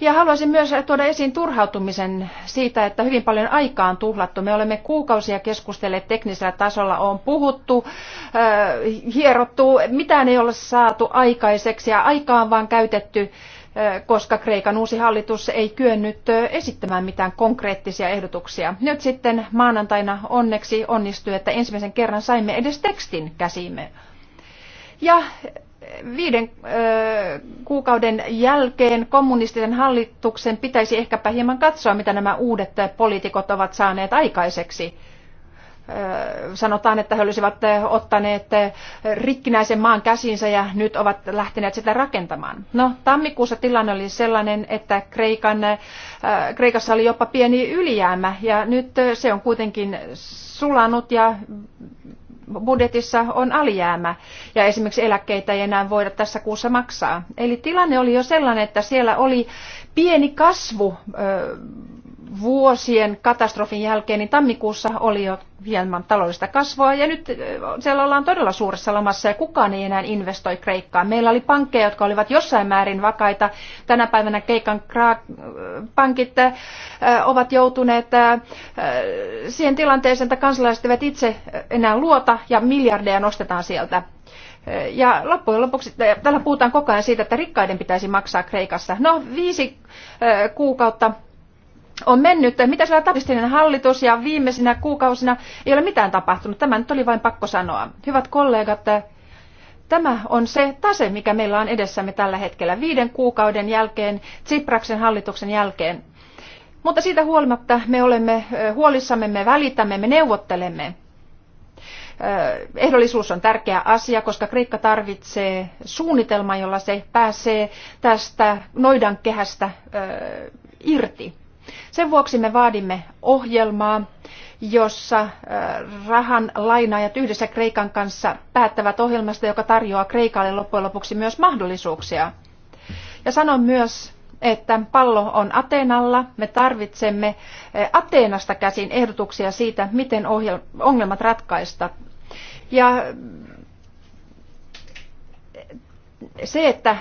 Ja haluaisin myös tuoda esiin turhautumisen siitä, että hyvin paljon aikaa on tuhlattu. Me olemme kuukausia keskustelleet teknisellä tasolla, on puhuttu, äh, hierottu, mitään ei ole saatu aikaiseksi ja aikaa on vaan käytetty, äh, koska Kreikan uusi hallitus ei kyennyt äh, esittämään mitään konkreettisia ehdotuksia. Nyt sitten maanantaina onneksi onnistui, että ensimmäisen kerran saimme edes tekstin käsiimme. Ja viiden kuukauden jälkeen kommunistisen hallituksen pitäisi ehkäpä hieman katsoa, mitä nämä uudet poliitikot ovat saaneet aikaiseksi. Sanotaan, että he olisivat ottaneet rikkinäisen maan käsinsä ja nyt ovat lähteneet sitä rakentamaan. No, tammikuussa tilanne oli sellainen, että Kreikan, Kreikassa oli jopa pieni ylijäämä ja nyt se on kuitenkin sulanut ja budjetissa on alijäämä ja esimerkiksi eläkkeitä ei enää voida tässä kuussa maksaa. Eli tilanne oli jo sellainen, että siellä oli pieni kasvu vuosien katastrofin jälkeen, niin tammikuussa oli jo hieman taloudellista kasvua ja nyt siellä ollaan todella suuressa lamassa ja kukaan ei enää investoi Kreikkaan. Meillä oli pankkeja, jotka olivat jossain määrin vakaita. Tänä päivänä Kreikan pankit ovat joutuneet siihen tilanteeseen, että kansalaiset eivät itse enää luota ja miljardeja nostetaan sieltä. Ja loppujen lopuksi, täällä puhutaan koko ajan siitä, että rikkaiden pitäisi maksaa Kreikassa. No, viisi kuukautta on mennyt. Mitä siellä tapahtui hallitus ja viimeisinä kuukausina ei ole mitään tapahtunut. Tämä nyt oli vain pakko sanoa. Hyvät kollegat, tämä on se tase, mikä meillä on edessämme tällä hetkellä viiden kuukauden jälkeen, Tsipraksen hallituksen jälkeen. Mutta siitä huolimatta me olemme huolissamme, me välitämme, me neuvottelemme. Ehdollisuus on tärkeä asia, koska Kreikka tarvitsee suunnitelman, jolla se pääsee tästä noidankehästä irti. Sen vuoksi me vaadimme ohjelmaa, jossa äh, rahan lainaajat yhdessä Kreikan kanssa päättävät ohjelmasta, joka tarjoaa Kreikalle loppujen lopuksi myös mahdollisuuksia. Ja sanon myös, että pallo on Ateenalla. Me tarvitsemme äh, Ateenasta käsin ehdotuksia siitä, miten ongelmat ratkaista. Ja se, että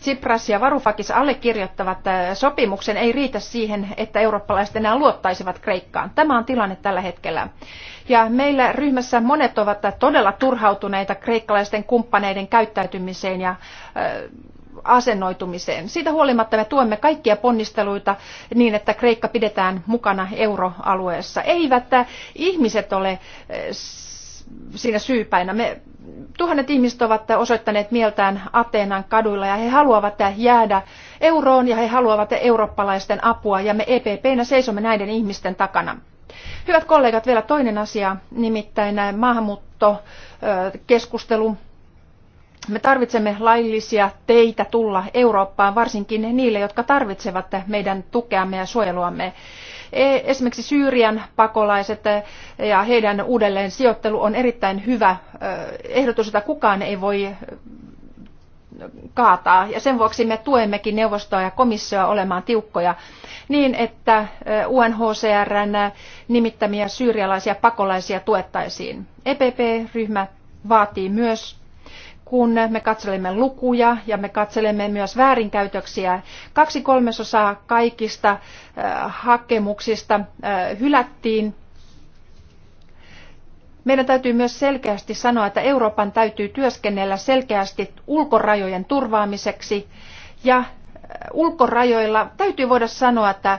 Tsipras ja Varoufakis allekirjoittavat äh, sopimuksen, ei riitä siihen, että eurooppalaiset enää luottaisivat Kreikkaan. Tämä on tilanne tällä hetkellä. Ja meillä ryhmässä monet ovat todella turhautuneita kreikkalaisten kumppaneiden käyttäytymiseen ja äh, asennoitumiseen. Siitä huolimatta me tuemme kaikkia ponnisteluita niin, että Kreikka pidetään mukana euroalueessa. Eivät äh, ihmiset ole siinä syypäinä. Me tuhannet ihmiset ovat osoittaneet mieltään Ateenan kaduilla ja he haluavat jäädä euroon ja he haluavat eurooppalaisten apua ja me EPPnä seisomme näiden ihmisten takana. Hyvät kollegat, vielä toinen asia, nimittäin maahanmuuttokeskustelu. Me tarvitsemme laillisia teitä tulla Eurooppaan, varsinkin niille, jotka tarvitsevat meidän tukeamme ja suojeluamme. E, esimerkiksi Syyrian pakolaiset e, ja heidän uudelleen sijoittelu on erittäin hyvä e, ehdotus, jota kukaan ei voi kaataa. Ja sen vuoksi me tuemmekin neuvostoa ja komissioa olemaan tiukkoja niin, että UNHCRn nimittämiä syyrialaisia pakolaisia tuettaisiin. EPP-ryhmä vaatii myös kun me katselemme lukuja ja me katselemme myös väärinkäytöksiä. Kaksi kolmesosaa kaikista äh, hakemuksista äh, hylättiin. Meidän täytyy myös selkeästi sanoa, että Euroopan täytyy työskennellä selkeästi ulkorajojen turvaamiseksi ja äh, ulkorajoilla täytyy voida sanoa, että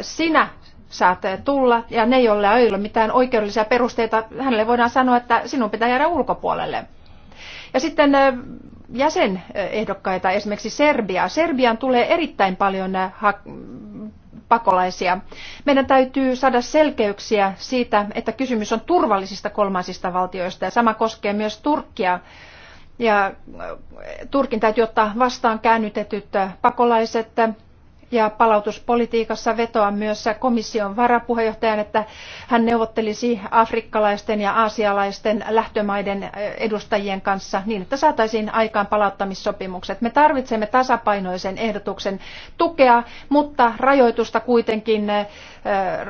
sinä saat tulla ja ne, joilla ei ole mitään oikeudellisia perusteita, hänelle voidaan sanoa, että sinun pitää jäädä ulkopuolelle. Ja sitten jäsenehdokkaita, esimerkiksi Serbia. Serbian tulee erittäin paljon pakolaisia. Meidän täytyy saada selkeyksiä siitä, että kysymys on turvallisista kolmansista valtioista ja sama koskee myös Turkkia. Ja Turkin täytyy ottaa vastaan käännytetyt pakolaiset ja palautuspolitiikassa vetoan myös komission varapuheenjohtajan, että hän neuvottelisi afrikkalaisten ja aasialaisten lähtömaiden edustajien kanssa niin, että saataisiin aikaan palauttamissopimukset. Me tarvitsemme tasapainoisen ehdotuksen tukea, mutta rajoitusta kuitenkin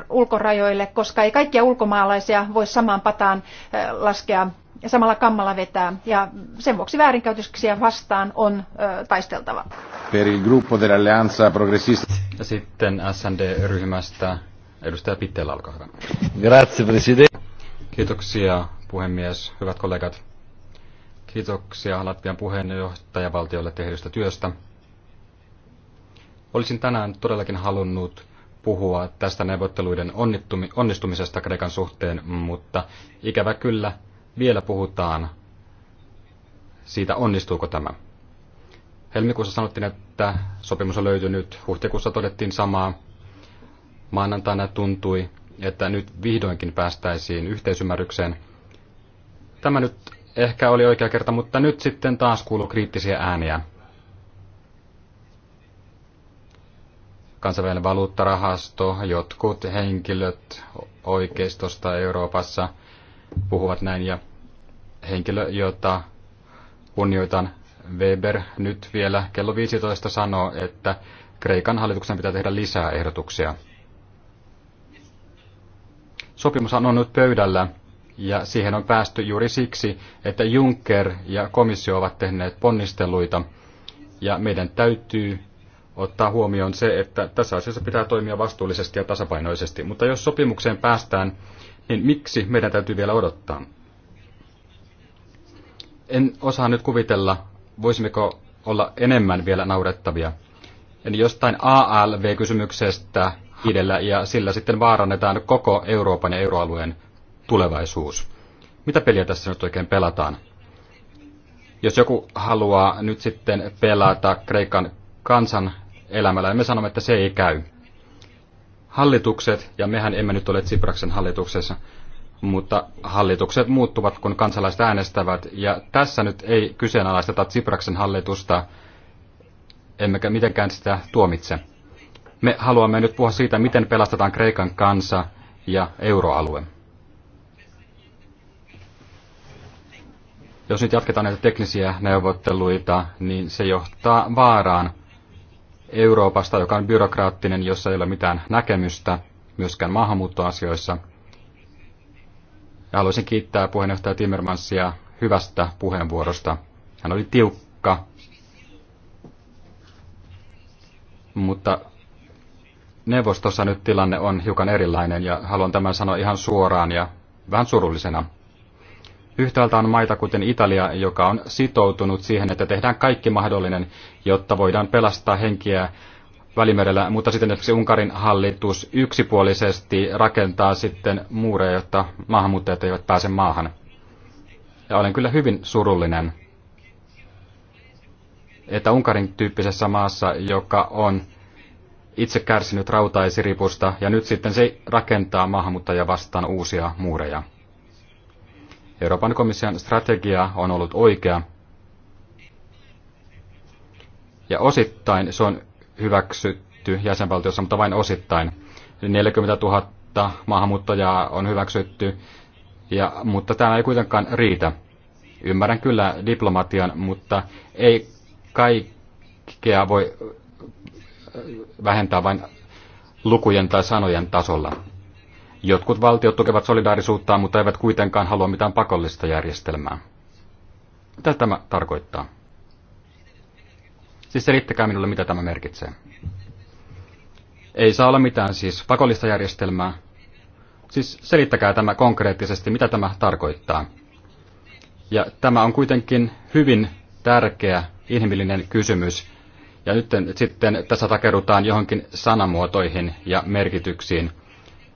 ulkorajoille, koska ei kaikkia ulkomaalaisia voi samaan pataan laskea ja samalla kammalla vetää ja sen vuoksi väärinkäytöksiä vastaan on ö, taisteltava. Per il gruppo dell'alleanza progressista. Ja sitten SND-ryhmästä edustaja Pitteellä, olkaa hyvä. Grazie, presidente. Kiitoksia, puhemies, hyvät kollegat. Kiitoksia Latvian puheenjohtajavaltiolle tehdystä työstä. Olisin tänään todellakin halunnut puhua tästä neuvotteluiden onnistumisesta Kreikan suhteen, mutta ikävä kyllä vielä puhutaan siitä, onnistuuko tämä. Helmikuussa sanottiin, että sopimus on löytynyt, huhtikuussa todettiin samaa. Maanantaina tuntui, että nyt vihdoinkin päästäisiin yhteisymmärrykseen. Tämä nyt ehkä oli oikea kerta, mutta nyt sitten taas kuuluu kriittisiä ääniä. Kansainvälinen valuuttarahasto, jotkut henkilöt oikeistosta Euroopassa – puhuvat näin ja henkilö, jota kunnioitan Weber nyt vielä kello 15 sanoo, että Kreikan hallituksen pitää tehdä lisää ehdotuksia. Sopimus on nyt pöydällä ja siihen on päästy juuri siksi, että Juncker ja komissio ovat tehneet ponnisteluita ja meidän täytyy ottaa huomioon se, että tässä asiassa pitää toimia vastuullisesti ja tasapainoisesti. Mutta jos sopimukseen päästään, niin miksi meidän täytyy vielä odottaa? En osaa nyt kuvitella, voisimmeko olla enemmän vielä naurettavia. Eli jostain ALV-kysymyksestä idellä ja sillä sitten vaarannetaan koko Euroopan ja euroalueen tulevaisuus. Mitä peliä tässä nyt oikein pelataan? Jos joku haluaa nyt sitten pelata Kreikan kansan elämällä, niin me sanomme, että se ei käy hallitukset, ja mehän emme nyt ole Tsipraksen hallituksessa, mutta hallitukset muuttuvat, kun kansalaiset äänestävät. Ja tässä nyt ei kyseenalaisteta Tsipraksen hallitusta, emmekä mitenkään sitä tuomitse. Me haluamme nyt puhua siitä, miten pelastetaan Kreikan kansa ja euroalue. Jos nyt jatketaan näitä teknisiä neuvotteluita, niin se johtaa vaaraan, Euroopasta, joka on byrokraattinen, jossa ei ole mitään näkemystä myöskään maahanmuuttoasioissa. Ja haluaisin kiittää puheenjohtaja Timmermansia hyvästä puheenvuorosta. Hän oli tiukka, mutta neuvostossa nyt tilanne on hiukan erilainen ja haluan tämän sanoa ihan suoraan ja vähän surullisena – Yhtäältä on maita kuten Italia, joka on sitoutunut siihen, että tehdään kaikki mahdollinen, jotta voidaan pelastaa henkiä Välimerellä, mutta sitten esimerkiksi Unkarin hallitus yksipuolisesti rakentaa sitten muureja, jotta maahanmuuttajat eivät pääse maahan. Ja olen kyllä hyvin surullinen, että Unkarin tyyppisessä maassa, joka on itse kärsinyt rautaisiripusta, ja nyt sitten se rakentaa maahanmuuttajia vastaan uusia muureja. Euroopan komission strategia on ollut oikea. Ja osittain se on hyväksytty jäsenvaltiossa, mutta vain osittain. 40 000 maahanmuuttajaa on hyväksytty, ja, mutta tämä ei kuitenkaan riitä. Ymmärrän kyllä diplomatian, mutta ei kaikkea voi äh, vähentää vain lukujen tai sanojen tasolla. Jotkut valtiot tukevat solidaarisuutta, mutta eivät kuitenkaan halua mitään pakollista järjestelmää. Mitä tämä tarkoittaa? Siis selittäkää minulle, mitä tämä merkitsee. Ei saa olla mitään siis pakollista järjestelmää. Siis selittäkää tämä konkreettisesti, mitä tämä tarkoittaa. Ja tämä on kuitenkin hyvin tärkeä inhimillinen kysymys. Ja nyt sitten tässä takerutaan johonkin sanamuotoihin ja merkityksiin –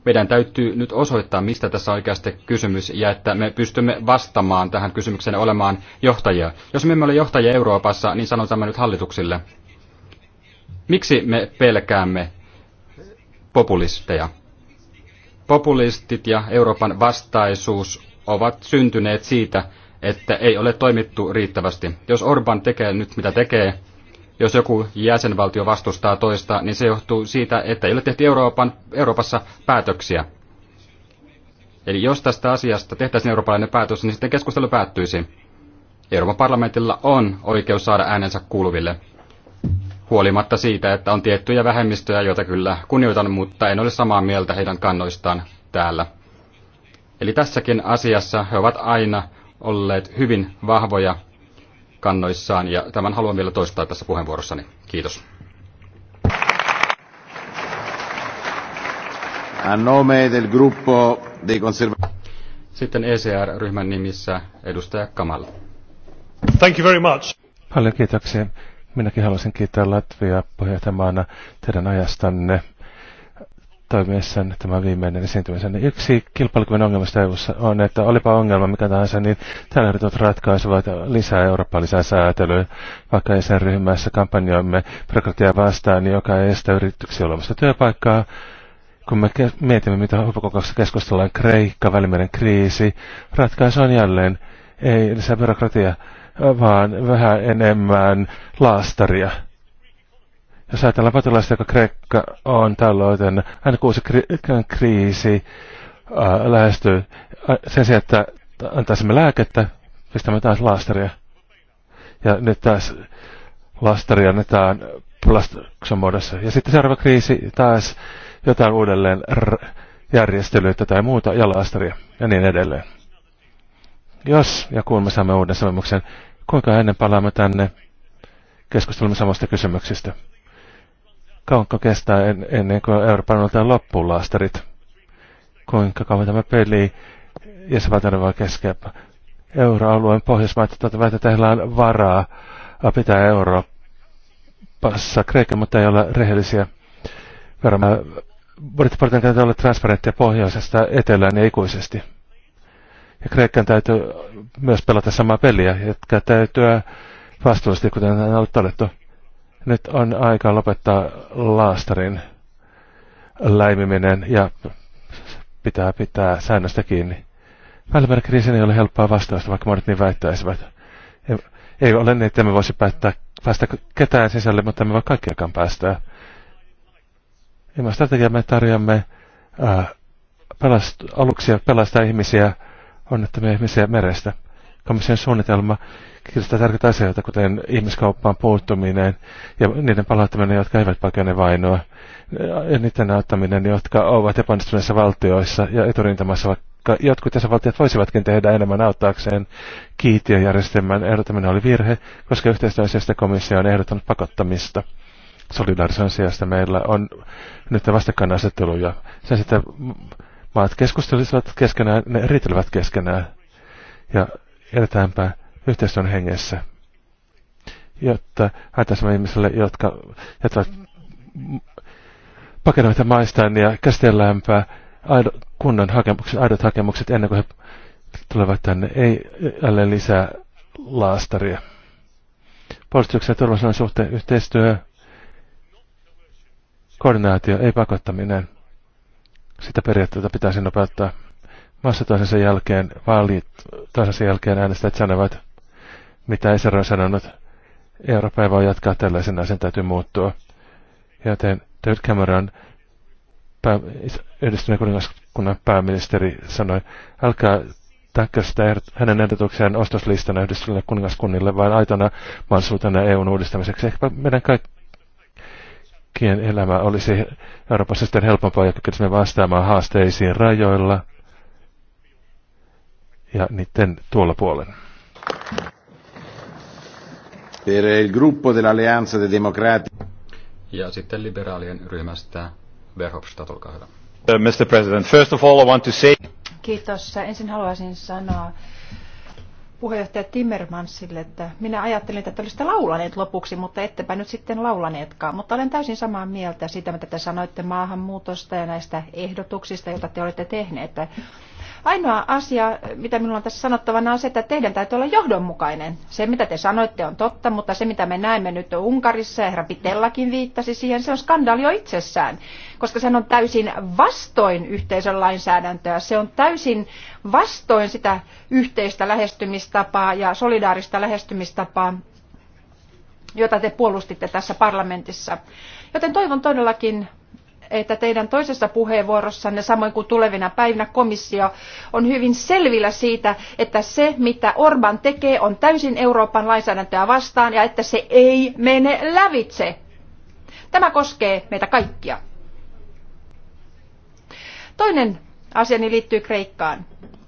meidän täytyy nyt osoittaa, mistä tässä on oikeasti kysymys, ja että me pystymme vastaamaan tähän kysymykseen olemaan johtajia. Jos me emme ole johtajia Euroopassa, niin sanon tämä nyt hallituksille. Miksi me pelkäämme populisteja? Populistit ja Euroopan vastaisuus ovat syntyneet siitä, että ei ole toimittu riittävästi. Jos Orban tekee nyt mitä tekee, jos joku jäsenvaltio vastustaa toista, niin se johtuu siitä, että ei ole tehty Euroopan, Euroopassa päätöksiä. Eli jos tästä asiasta tehtäisiin eurooppalainen päätös, niin sitten keskustelu päättyisi. Euroopan parlamentilla on oikeus saada äänensä kuuluville, huolimatta siitä, että on tiettyjä vähemmistöjä, joita kyllä kunnioitan, mutta en ole samaa mieltä heidän kannoistaan täällä. Eli tässäkin asiassa he ovat aina olleet hyvin vahvoja kannoissaan, ja tämän haluan vielä toistaa tässä puheenvuorossani. Kiitos. A nome del gruppo dei Sitten ECR-ryhmän nimissä edustaja Kamal. Thank you very much. Paljon kiitoksia. Minäkin haluaisin kiittää Latvia puheenjohtajamaana teidän ajastanne toimiessaan tämä viimeinen esiintymisen. Niin yksi kilpailukyvyn ongelmista eu on, että olipa ongelma mikä tahansa, niin täällä yritetään ratkaisuvat lisää Eurooppaa, lisää säätelyä, vaikka ryhmässä kampanjoimme byrokratiaa vastaan, niin joka estää yrityksiä olemasta työpaikkaa. Kun me mietimme, mitä huippukokouksessa keskustellaan, Kreikka, välimeren kriisi, ratkaisu on jälleen ei lisää byrokratiaa, vaan vähän enemmän laastaria. Jos ajatellaan potilasta, joka Kreikka on tällöin, hän kuusi se kriisi ää, lähestyy, sen sijaan, että antaisimme lääkettä, pistämme taas lasteria. Ja nyt taas lasteria annetaan plastuksen muodossa. Ja sitten seuraava kriisi taas jotain uudelleen järjestelyitä tai muuta ja lasteria ja niin edelleen. Jos ja kun me saamme uuden sopimuksen, kuinka ennen palaamme tänne keskustelemme samasta kysymyksestä? kauanko kestää en, ennen kuin Euroopan on loppuun laastarit. Kuinka kauan tämä peli jäsenvaltioiden voi keskeä. euroalueen pohjoismaat toteavat, että heillä on varaa pitää Euroopassa Kreikan, mutta ei ole rehellisiä veromaa. Budjettipolitiikan täytyy olla transparenttia pohjoisesta etelään ja ikuisesti. Ja Kreikan täytyy myös pelata samaa peliä, jotka täytyy vastuullisesti, kuten on ollut todettu. Nyt on aika lopettaa laastarin läimiminen ja pitää pitää säännöstä kiinni. Välimerkriisin ei ole helppoa vastausta, vaikka monet niin väittäisivät. Ei, ei ole niin, että me voisi päättää, päästä ketään sisälle, mutta me voi kaikkiakaan päästää. Ilman strategiaa me tarjoamme ää, äh, pelast, aluksia pelastaa ihmisiä, onnettomia ihmisiä merestä komission suunnitelma kirjastaa tärkeitä asioita, kuten ihmiskauppaan puuttuminen ja niiden palauttaminen, jotka eivät pakene vainoa, ja niiden auttaminen, jotka ovat epäonnistuneissa valtioissa ja eturintamassa, vaikka jotkut jäsenvaltiot voisivatkin tehdä enemmän auttaakseen. Kiitiöjärjestelmän ehdottaminen oli virhe, koska yhteistyöasiasta komissio on ehdottanut pakottamista. Solidaarisuuden sijasta meillä on nyt vastakkainasetteluja. Sen sitten maat keskustelisivat keskenään, ne riitelevät keskenään. Ja eletäänpä yhteistyön hengessä, jotta haetaan ihmisille, jotka jättävät pakenevat maistaan ja käsitelläänpä aido, kunnan hakemukset, aidot hakemukset ennen kuin he tulevat tänne. Ei jälleen lisää laastaria. Puolustuksen ja turvallisuuden suhteen yhteistyö, koordinaatio, ei pakottaminen. Sitä periaatteita pitäisi nopeuttaa maassa toisensa jälkeen, vaalit toisensa jälkeen äänestäjät sanovat, mitä Eser on sanonut, Eurooppa ei voi jatkaa tällaisena, sen täytyy muuttua. Joten David Cameron, pää, yhdistyneen kuningaskunnan pääministeri, sanoi, älkää taikka sitä er- hänen ehdotukseen ostoslistana yhdistyneen kuningaskunnille, vaan aitona mahdollisuutena EUn uudistamiseksi. Ehkä meidän kaikkien elämä olisi Euroopassa sitten helpompaa ja kykenisimme vastaamaan haasteisiin rajoilla, ja niiden tuolla puolen. Per il gruppo dell'Alleanza dei Democrati. Ja sitten liberaalien ryhmästä Verhofstadt, olkaa hyvä. Uh, Mr. President, first of all I want to say... Kiitos. Ensin haluaisin sanoa puheenjohtaja Timmermansille, että minä ajattelin, että olisitte laulaneet lopuksi, mutta ettepä nyt sitten laulaneetkaan. Mutta olen täysin samaa mieltä siitä, mitä te sanoitte maahanmuutosta ja näistä ehdotuksista, joita te olette tehneet. Ainoa asia, mitä minulla on tässä sanottavana, on se, että teidän täytyy olla johdonmukainen. Se, mitä te sanoitte, on totta, mutta se, mitä me näemme nyt Unkarissa, ja herra Pitellakin viittasi siihen, se on skandaali jo itsessään, koska se on täysin vastoin yhteisön lainsäädäntöä. Se on täysin vastoin sitä yhteistä lähestymistapaa ja solidaarista lähestymistapaa, jota te puolustitte tässä parlamentissa. Joten toivon todellakin että teidän toisessa puheenvuorossanne, samoin kuin tulevina päivinä komissio, on hyvin selvillä siitä, että se, mitä Orban tekee, on täysin Euroopan lainsäädäntöä vastaan ja että se ei mene lävitse. Tämä koskee meitä kaikkia. Toinen asiani liittyy Kreikkaan.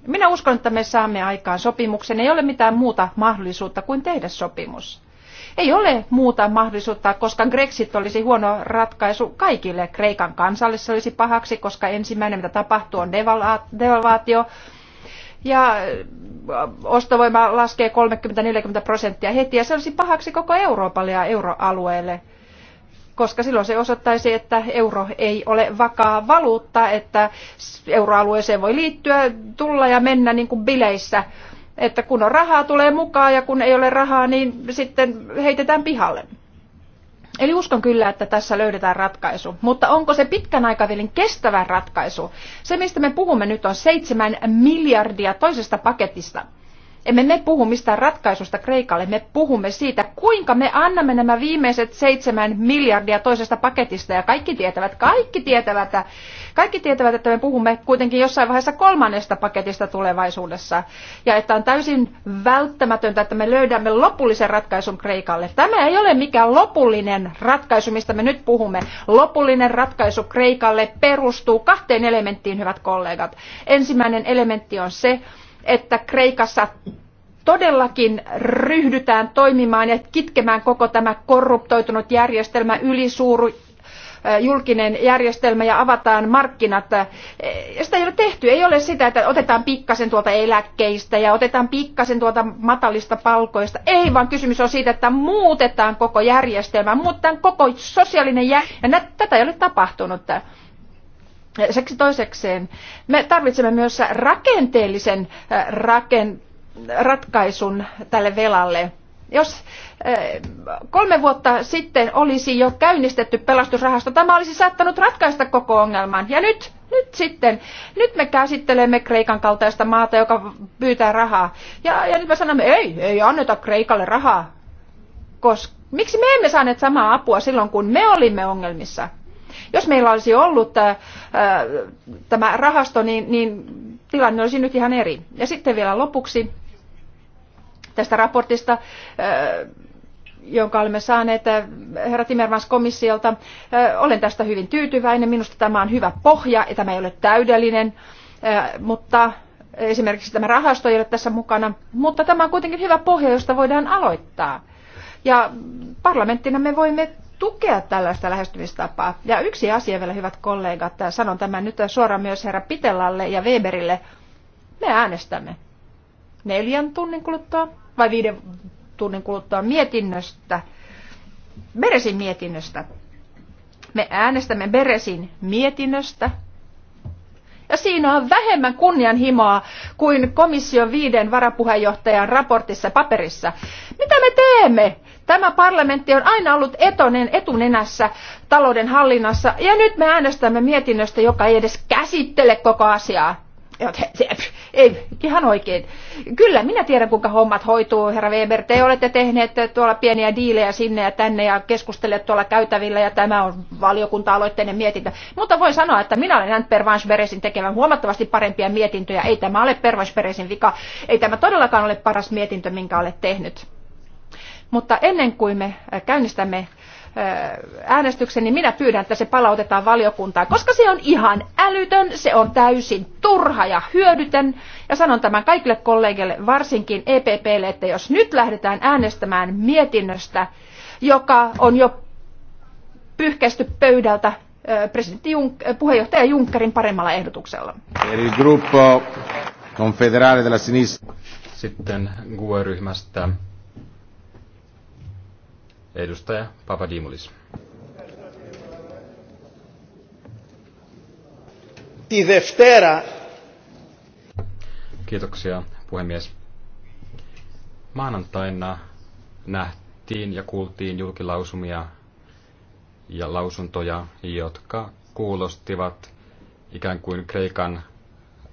Minä uskon, että me saamme aikaan sopimuksen. Ei ole mitään muuta mahdollisuutta kuin tehdä sopimus. Ei ole muuta mahdollisuutta, koska Grexit olisi huono ratkaisu kaikille. Kreikan kansalle se olisi pahaksi, koska ensimmäinen mitä tapahtuu on devalvaatio. Ja ostovoima laskee 30-40 prosenttia heti ja se olisi pahaksi koko Euroopalle ja euroalueelle koska silloin se osoittaisi, että euro ei ole vakaa valuutta, että euroalueeseen voi liittyä, tulla ja mennä niin kuin bileissä että kun on rahaa, tulee mukaan ja kun ei ole rahaa, niin sitten heitetään pihalle. Eli uskon kyllä, että tässä löydetään ratkaisu. Mutta onko se pitkän aikavälin kestävä ratkaisu? Se, mistä me puhumme nyt, on 7 miljardia toisesta paketista – emme me puhu mistään ratkaisusta Kreikalle, me puhumme siitä, kuinka me annamme nämä viimeiset seitsemän miljardia toisesta paketista. Ja kaikki tietävät, kaikki tietävät, kaikki tietävät, että me puhumme kuitenkin jossain vaiheessa kolmannesta paketista tulevaisuudessa. Ja että on täysin välttämätöntä, että me löydämme lopullisen ratkaisun Kreikalle. Tämä ei ole mikään lopullinen ratkaisu, mistä me nyt puhumme. Lopullinen ratkaisu Kreikalle perustuu kahteen elementtiin, hyvät kollegat. Ensimmäinen elementti on se, että Kreikassa todellakin ryhdytään toimimaan ja kitkemään koko tämä korruptoitunut järjestelmä, ylisuuri julkinen järjestelmä ja avataan markkinat. sitä ei ole tehty. Ei ole sitä, että otetaan pikkasen tuolta eläkkeistä ja otetaan pikkasen tuolta matalista palkoista. Ei, vaan kysymys on siitä, että muutetaan koko järjestelmä, muutetaan koko sosiaalinen järjestelmä. Ja tätä ei ole tapahtunut. Seksi toisekseen, me tarvitsemme myös rakenteellisen äh, raken, ratkaisun tälle velalle. Jos äh, kolme vuotta sitten olisi jo käynnistetty pelastusrahasto, tämä olisi saattanut ratkaista koko ongelman. Ja nyt, nyt sitten, nyt me käsittelemme Kreikan kaltaista maata, joka pyytää rahaa. Ja, ja nyt me sanomme, ei, ei anneta Kreikalle rahaa. Koska, miksi me emme saaneet samaa apua silloin, kun me olimme ongelmissa? Jos meillä olisi ollut äh, tämä rahasto, niin, niin tilanne olisi nyt ihan eri. Ja sitten vielä lopuksi tästä raportista äh, jonka olemme saaneet äh, herra Timmermans komissiolta. Olen tästä hyvin tyytyväinen. Minusta tämä on hyvä pohja ja tämä ei ole täydellinen, mutta esimerkiksi tämä rahasto ei ole tässä mukana. Mutta tämä on kuitenkin hyvä pohja, josta voidaan aloittaa. Ja parlamenttina me voimme tukea tällaista lähestymistapaa. Ja yksi asia vielä, hyvät kollegat, sanon tämän nyt suoraan myös herra Pitellalle ja Weberille. Me äänestämme neljän tunnin kuluttua vai viiden tunnin kuluttua mietinnöstä, Beresin mietinnöstä. Me äänestämme Beresin mietinnöstä ja siinä on vähemmän kunnianhimoa kuin komission viiden varapuheenjohtajan raportissa paperissa. Mitä me teemme? Tämä parlamentti on aina ollut etonen, etunenässä talouden hallinnassa ja nyt me äänestämme mietinnöstä, joka ei edes käsittele koko asiaa. Ei, ihan oikein. Kyllä, minä tiedän kuinka hommat hoituu, herra Weber. Te olette tehneet tuolla pieniä diilejä sinne ja tänne ja keskustelleet tuolla käytävillä ja tämä on valiokunta-aloitteinen mietintö. Mutta voi sanoa, että minä olen nähnyt Pervansberesin tekevän huomattavasti parempia mietintöjä. Ei tämä ole Pervansberesin vika. Ei tämä todellakaan ole paras mietintö, minkä olet tehnyt. Mutta ennen kuin me käynnistämme äänestyksen, niin minä pyydän, että se palautetaan valiokuntaan, koska se on ihan älytön, se on täysin turha ja hyödytön. Ja sanon tämän kaikille kollegille, varsinkin EPPlle, että jos nyt lähdetään äänestämään mietinnöstä, joka on jo pyyhkästy pöydältä presidentti Junk- puheenjohtaja Junckerin paremmalla ehdotuksella. Eli gruppo confederale della sinistra. Sitten GUE-ryhmästä Edustaja Papadimulis. Kiitoksia, puhemies. Maanantaina nähtiin ja kuultiin julkilausumia ja lausuntoja, jotka kuulostivat ikään kuin Kreikan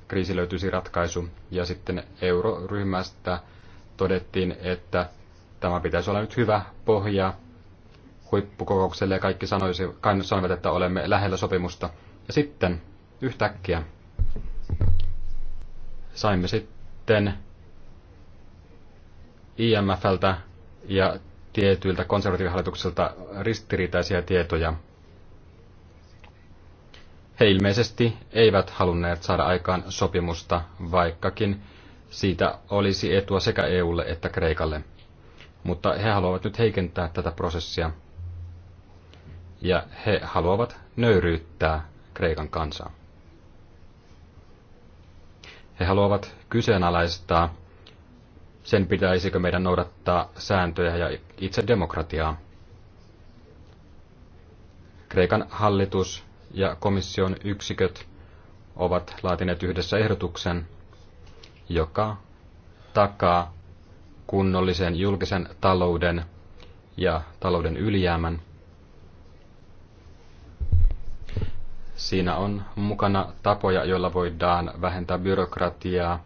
kriisi löytyisi ratkaisu. Ja sitten euroryhmästä todettiin, että Tämä pitäisi olla nyt hyvä pohja huippukokoukselle ja kaikki sanoisi, sanoivat, että olemme lähellä sopimusta. Ja sitten yhtäkkiä saimme sitten IMFltä ja tietyiltä konservatiivihallitukselta ristiriitaisia tietoja. He ilmeisesti eivät halunneet saada aikaan sopimusta, vaikkakin siitä olisi etua sekä EUlle että Kreikalle. Mutta he haluavat nyt heikentää tätä prosessia ja he haluavat nöyryyttää Kreikan kansaa. He haluavat kyseenalaistaa sen, pitäisikö meidän noudattaa sääntöjä ja itse demokratiaa. Kreikan hallitus ja komission yksiköt ovat laatineet yhdessä ehdotuksen, joka takaa kunnollisen julkisen talouden ja talouden ylijäämän. Siinä on mukana tapoja, joilla voidaan vähentää byrokratiaa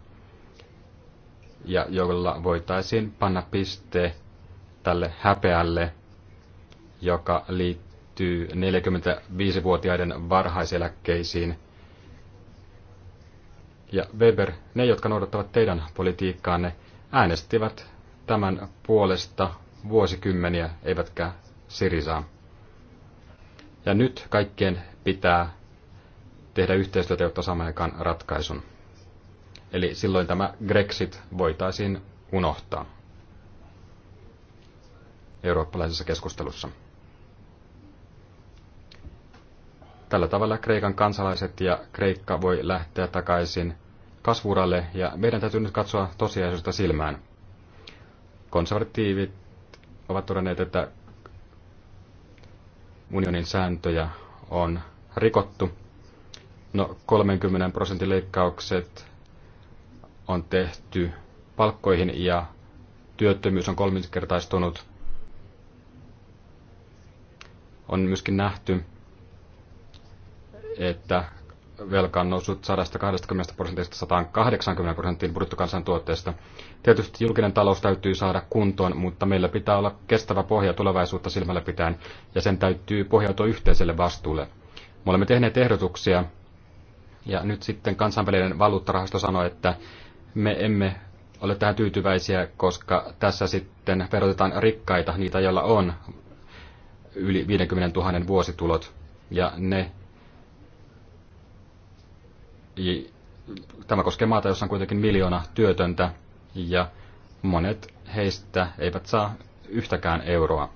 ja jolla voitaisiin panna piste tälle häpeälle, joka liittyy 45-vuotiaiden varhaiseläkkeisiin. Ja Weber, ne jotka noudattavat teidän politiikkaanne, äänestivät tämän puolesta vuosikymmeniä, eivätkä Sirisaa. Ja nyt kaikkien pitää tehdä yhteistyötä, jotta saamme aikaan ratkaisun. Eli silloin tämä Grexit voitaisiin unohtaa eurooppalaisessa keskustelussa. Tällä tavalla Kreikan kansalaiset ja Kreikka voi lähteä takaisin kasvuralle ja meidän täytyy nyt katsoa tosiasioista silmään – konservatiivit ovat todenneet, että unionin sääntöjä on rikottu. No 30 prosentin leikkaukset on tehty palkkoihin ja työttömyys on kolminkertaistunut. On myöskin nähty, että velka on noussut 120 prosentista 180 prosenttiin bruttokansantuotteesta. Tietysti julkinen talous täytyy saada kuntoon, mutta meillä pitää olla kestävä pohja tulevaisuutta silmällä pitäen, ja sen täytyy pohjautua yhteiselle vastuulle. Me olemme tehneet ehdotuksia, ja nyt sitten kansainvälinen valuuttarahasto sanoi, että me emme ole tähän tyytyväisiä, koska tässä sitten verotetaan rikkaita, niitä joilla on yli 50 000 vuositulot, ja ne Tämä koskee maata, jossa on kuitenkin miljoona työtöntä ja monet heistä eivät saa yhtäkään euroa.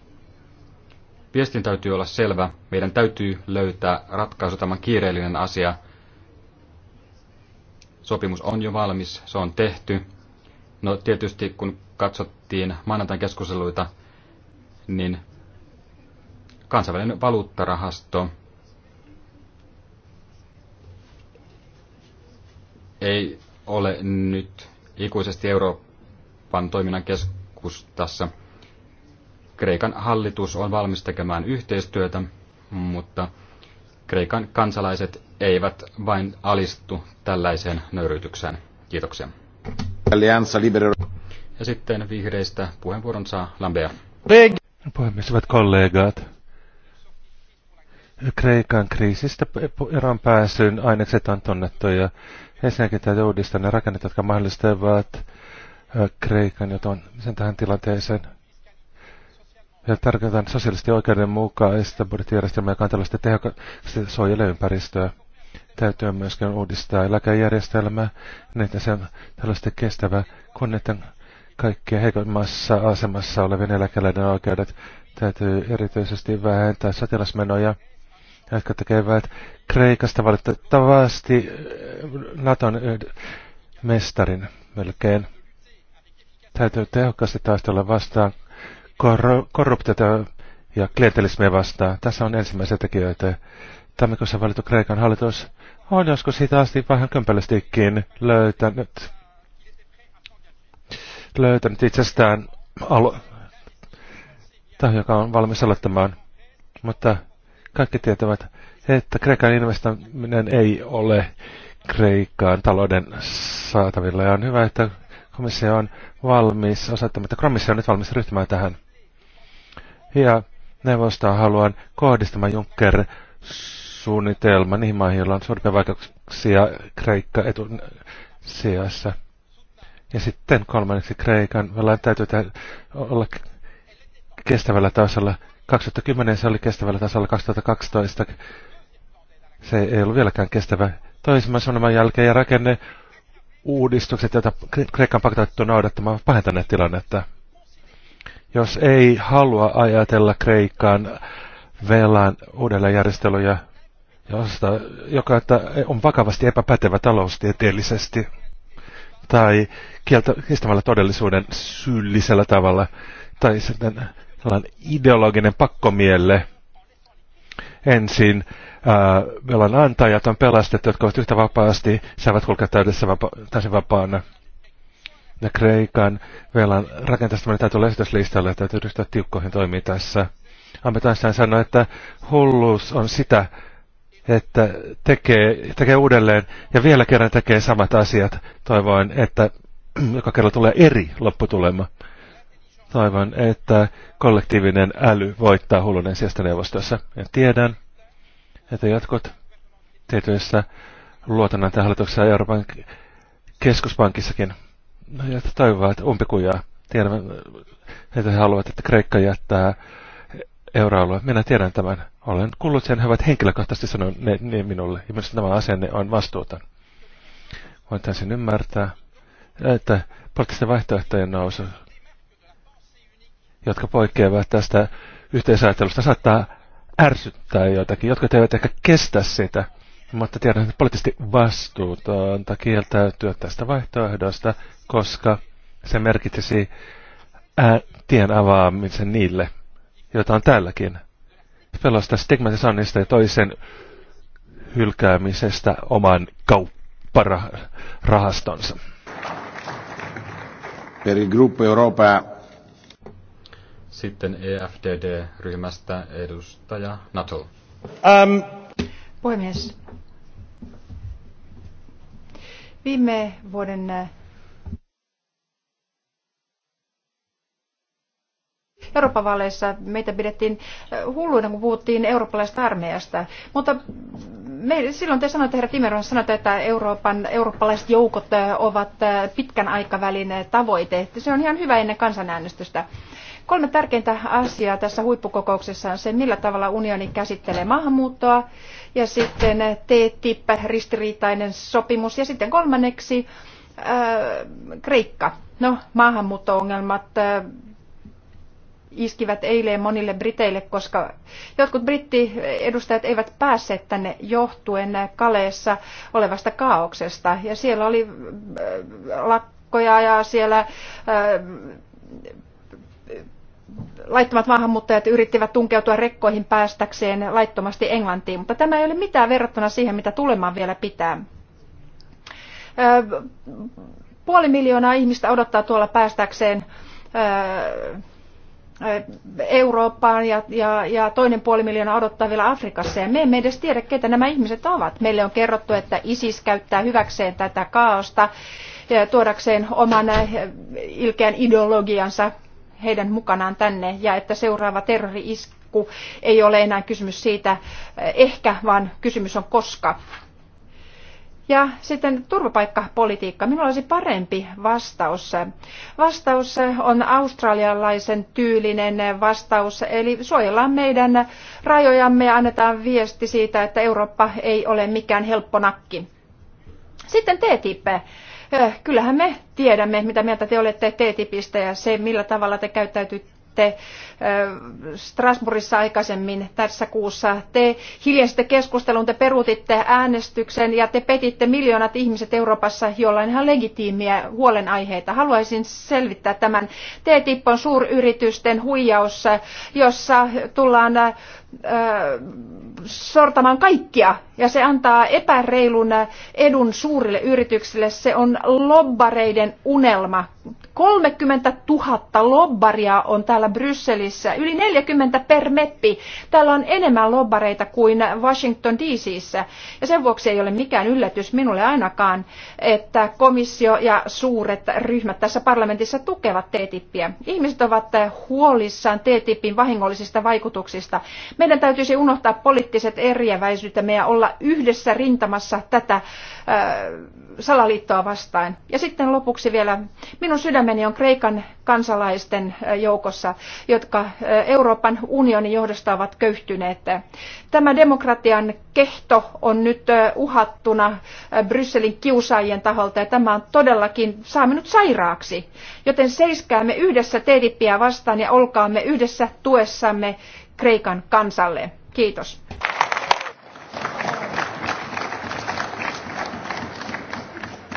Viestin täytyy olla selvä. Meidän täytyy löytää ratkaisu tämän kiireellinen asia. Sopimus on jo valmis, se on tehty. No tietysti kun katsottiin maanantain keskusteluita, niin kansainvälinen valuuttarahasto ei ole nyt ikuisesti Euroopan toiminnan keskustassa. Kreikan hallitus on valmis tekemään yhteistyötä, mutta Kreikan kansalaiset eivät vain alistu tällaiseen nöyrytykseen. Kiitoksia. Ja sitten vihreistä puheenvuoron saa Lambea. Puhemies, hyvät kollegat. Kreikan kriisistä eron pääsyyn ainekset on tunnettu ja ensinnäkin täytyy uudistaa ne rakennet, jotka mahdollistavat Kreikan joton sen tähän tilanteeseen. Ja tarkoitan sosiaalisesti oikeudenmukaista budjettijärjestelmää, joka on tällaista tehokasta suojeleympäristöä. Täytyy myöskin uudistaa eläkejärjestelmää, niin että se on tällaista kestävää, kunnioitan kaikkia heikommassa asemassa olevien eläkeläiden oikeudet. Täytyy erityisesti vähentää sotilasmenoja jotka tekevät Kreikasta valitettavasti äh, Naton äh, mestarin melkein. Täytyy tehokkaasti taistella vastaan korruptiota ja klientelismia vastaan. Tässä on ensimmäisiä tekijöitä. Tammikuussa valittu Kreikan hallitus on joskus siitä asti vähän kömpelästikin löytänyt, löytänyt itsestään alo- tai joka on valmis aloittamaan. Mutta kaikki tietävät, että Kreikan investoiminen ei ole Kreikan talouden saatavilla. Ja on hyvä, että komissio on valmis osoittamaan, että komissio on nyt valmis ryhtymään tähän. Ja neuvostoa haluan kohdistamaan Juncker suunnitelma niihin maihin, joilla on suurimpia vaikeuksia Kreikka sijassa. Ja sitten kolmanneksi Kreikan velan täytyy olla kestävällä tasolla. 2010 se oli kestävällä tasolla, 2012 se ei ollut vieläkään kestävä. Toisimman sanoman jälkeen ja rakenne uudistukset, joita Kreikan pakotettu on noudattamaan, pahentaneet tilannetta. Jos ei halua ajatella Kreikan velan uudelleenjärjestelyjä, josta, joka että on vakavasti epäpätevä taloustieteellisesti tai kieltä, kistämällä todellisuuden syyllisellä tavalla tai sitten sellainen ideologinen pakkomielle. Ensin ää, velan antajat on pelastettu, jotka ovat yhtä vapaasti, saavat kulkea täydessä vapa- täysin vapaana. Ja Kreikan velan rakentaminen täytyy olla esityslistalle, täytyy ryhtyä tiukkoihin toimii tässä. Amme sanoa, sanoi, että hulluus on sitä, että tekee, tekee uudelleen ja vielä kerran tekee samat asiat, Toivoin, että [CLEARS THROAT] joka kerralla tulee eri lopputulema. Toivon, että kollektiivinen äly voittaa hullunen sijasta neuvostossa. Ja tiedän, että jatkot tietyissä hallituksessa Euroopan keskuspankissakin no, jotka toivovat umpikujaa. Tiedän, että he haluavat, että Kreikka jättää euroalue. Minä tiedän tämän. Olen kuullut sen, he ovat henkilökohtaisesti sanoneet niin minulle. Ja minusta tämä asenne on vastuuton. Voin sen ymmärtää, että poliittisten vaihtoehtojen nousu jotka poikkeavat tästä yhteisajattelusta, saattaa ärsyttää jotakin. jotka eivät ehkä kestä sitä, mutta tiedän, että poliittisesti vastuutonta kieltäytyä tästä vaihtoehdosta, koska se merkitsisi ää, tien avaamisen niille, joita on täälläkin. Pelosta stigmatisoinnista ja toisen hylkäämisestä oman kaupparahastonsa. Per il gruppo Europa sitten EFDD-ryhmästä edustaja Nato. Um. Ähm. Puhemies. Viime vuoden äh, Euroopan vaaleissa meitä pidettiin äh, hulluina, kun puhuttiin eurooppalaisesta armeijasta. Mutta me, silloin te sanoitte, herra Timmermans, sanoitte, että Euroopan, eurooppalaiset joukot äh, ovat pitkän aikavälin tavoite. se on ihan hyvä ennen kansanäänestystä. Kolme tärkeintä asiaa tässä huippukokouksessa on se, millä tavalla unioni käsittelee maahanmuuttoa ja sitten TTIP, ristiriitainen sopimus ja sitten kolmanneksi ää, äh, Kreikka. No, maahanmuutto-ongelmat äh, iskivät eilen monille briteille, koska jotkut brittiedustajat eivät päässeet tänne johtuen Kaleessa olevasta kaauksesta. Ja siellä oli äh, lakkoja ja siellä laittomat maahanmuuttajat yrittivät tunkeutua rekkoihin päästäkseen laittomasti Englantiin, mutta tämä ei ole mitään verrattuna siihen, mitä tulemaan vielä pitää. Puoli miljoonaa ihmistä odottaa tuolla päästäkseen Eurooppaan ja, ja, ja toinen puoli miljoonaa odottaa vielä Afrikassa. Ja me emme edes tiedä, ketä nämä ihmiset ovat. Meille on kerrottu, että ISIS käyttää hyväkseen tätä kaaosta tuodakseen oman ilkeän ideologiansa heidän mukanaan tänne ja että seuraava terrori-isku ei ole enää kysymys siitä eh, ehkä, vaan kysymys on koska. Ja sitten turvapaikkapolitiikka. Minulla olisi parempi vastaus. Vastaus on australialaisen tyylinen vastaus, eli suojellaan meidän rajojamme ja annetaan viesti siitä, että Eurooppa ei ole mikään helppo nakki. Sitten TTIP Äh, kyllähän me tiedämme, mitä mieltä te olette TTIPistä ja se, millä tavalla te käyttäydytte te Strasbourgissa aikaisemmin tässä kuussa. Te hiljensitte keskustelun, te peruutitte äänestyksen ja te petitte miljoonat ihmiset Euroopassa, joilla on ihan legitiimiä huolenaiheita. Haluaisin selvittää tämän. T-tippon suuryritysten huijaus, jossa tullaan sortamaan kaikkia ja se antaa epäreilun edun suurille yrityksille. Se on lobbareiden unelma 30 000 lobbaria on täällä Brysselissä, yli 40 per meppi. Täällä on enemmän lobbareita kuin Washington DCissä. Ja sen vuoksi ei ole mikään yllätys minulle ainakaan, että komissio ja suuret ryhmät tässä parlamentissa tukevat TTIPiä. Ihmiset ovat huolissaan TTIPin vahingollisista vaikutuksista. Meidän täytyisi unohtaa poliittiset eriäväisyytemme ja olla yhdessä rintamassa tätä äh, salaliittoa vastaan. Ja sitten lopuksi vielä minun sydämeni Armenia on Kreikan kansalaisten joukossa, jotka Euroopan unionin johdosta ovat köyhtyneet. Tämä demokratian kehto on nyt uhattuna Brysselin kiusaajien taholta ja tämä on todellakin saaminut sairaaksi. Joten seiskäämme yhdessä TDIPiä vastaan ja olkaamme yhdessä tuessamme Kreikan kansalle. Kiitos.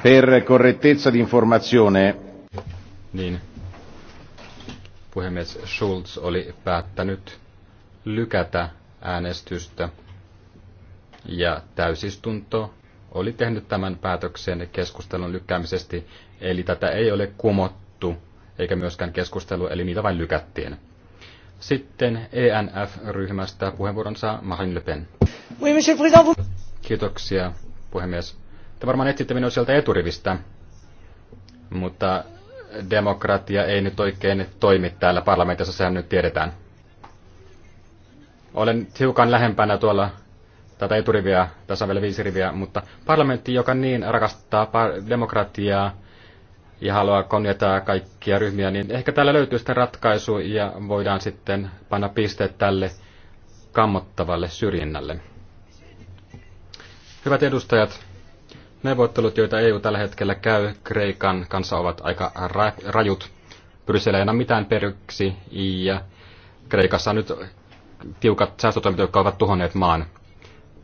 Per correttezza di informazione, niin puhemies Schulz oli päättänyt lykätä äänestystä ja täysistunto oli tehnyt tämän päätöksen keskustelun lykkäämisesti, eli tätä ei ole kumottu eikä myöskään keskustelu, eli niitä vain lykättiin. Sitten ENF-ryhmästä puheenvuoron saa Marine Le Pen. Oui, monsieur président, vous... Kiitoksia, puhemies. Te varmaan etsitte minua sieltä eturivistä, mutta demokratia ei nyt oikein toimi täällä parlamentissa, sehän nyt tiedetään. Olen hiukan lähempänä tuolla tätä eturiviä, tässä on vielä viisi riviä, mutta parlamentti, joka niin rakastaa demokratiaa ja haluaa kunnioittaa kaikkia ryhmiä, niin ehkä täällä löytyy sitten ratkaisu ja voidaan sitten panna pisteet tälle kammottavalle syrjinnälle. Hyvät edustajat, Neuvottelut, joita EU tällä hetkellä käy Kreikan kanssa, ovat aika ra- rajut. Bryssel ei anna mitään periksi ja Kreikassa on nyt tiukat säästötoimet, jotka ovat tuhonneet maan.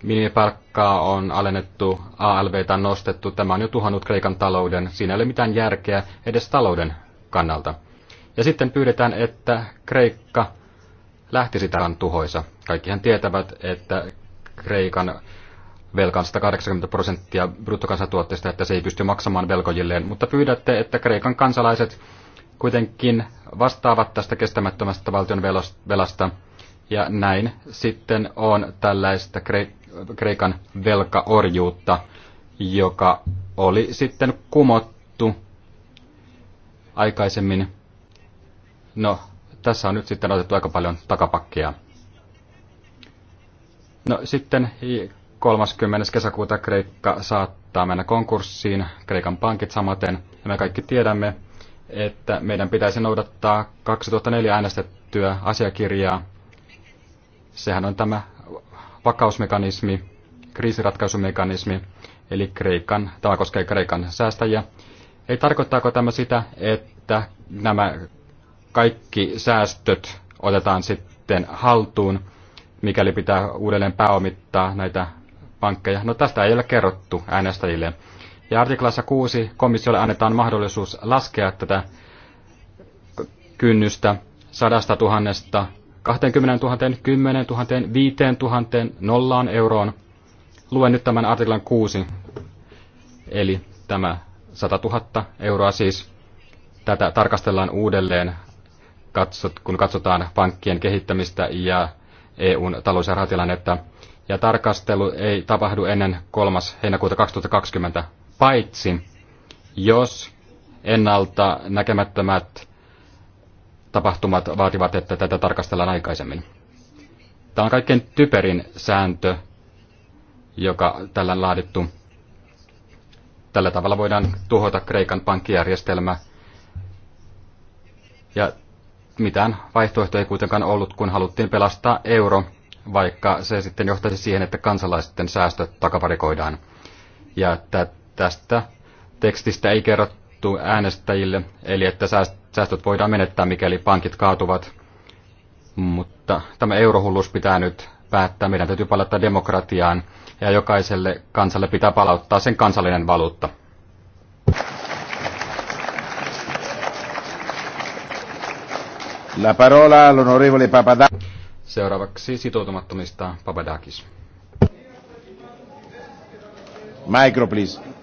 Minimipalkkaa on alennettu, ALVtä on nostettu, tämä on jo tuhannut Kreikan talouden. Siinä ei ole mitään järkeä edes talouden kannalta. Ja sitten pyydetään, että Kreikka lähtisi tämän tuhoisa. Kaikkihan tietävät, että Kreikan velkaan 180 prosenttia bruttokansantuotteesta, että se ei pysty maksamaan velkojilleen, mutta pyydätte, että Kreikan kansalaiset kuitenkin vastaavat tästä kestämättömästä valtion velasta, ja näin sitten on tällaista Kreikan velkaorjuutta, joka oli sitten kumottu aikaisemmin. No, tässä on nyt sitten otettu aika paljon takapakkia. No sitten 30. kesäkuuta Kreikka saattaa mennä konkurssiin, Kreikan pankit samaten, ja me kaikki tiedämme, että meidän pitäisi noudattaa 2004 äänestettyä asiakirjaa. Sehän on tämä vakausmekanismi, kriisiratkaisumekanismi, eli Kreikan, tämä koskee Kreikan säästäjiä. Ei tarkoittaako tämä sitä, että nämä kaikki säästöt otetaan sitten haltuun, mikäli pitää uudelleen pääomittaa näitä pankkeja. No tästä ei ole kerrottu äänestäjille. Ja artiklassa 6 komissiolle annetaan mahdollisuus laskea tätä kynnystä sadasta tuhannesta 20 000, 10 000, 5 000, nollaan euroon. Luen nyt tämän artiklan 6, eli tämä 100 000 euroa siis. Tätä tarkastellaan uudelleen, kun katsotaan pankkien kehittämistä ja EUn talous- ja rahatilannetta ja tarkastelu ei tapahdu ennen 3. heinäkuuta 2020, paitsi jos ennalta näkemättömät tapahtumat vaativat, että tätä tarkastellaan aikaisemmin. Tämä on kaikkein typerin sääntö, joka tällä on laadittu. Tällä tavalla voidaan tuhota Kreikan pankkijärjestelmä. Ja mitään vaihtoehtoja ei kuitenkaan ollut, kun haluttiin pelastaa euro – vaikka se sitten johtaisi siihen, että kansalaisten säästöt takavarikoidaan. Ja tästä tekstistä ei kerrottu äänestäjille, eli että säästöt voidaan menettää, mikäli pankit kaatuvat. Mutta tämä eurohullus pitää nyt päättää. Meidän täytyy palata demokratiaan ja jokaiselle kansalle pitää palauttaa sen kansallinen valuutta. La parola all'onorevole Papadakis. Seuraavaksi sitoutumattomista Papadakis. Micro, please.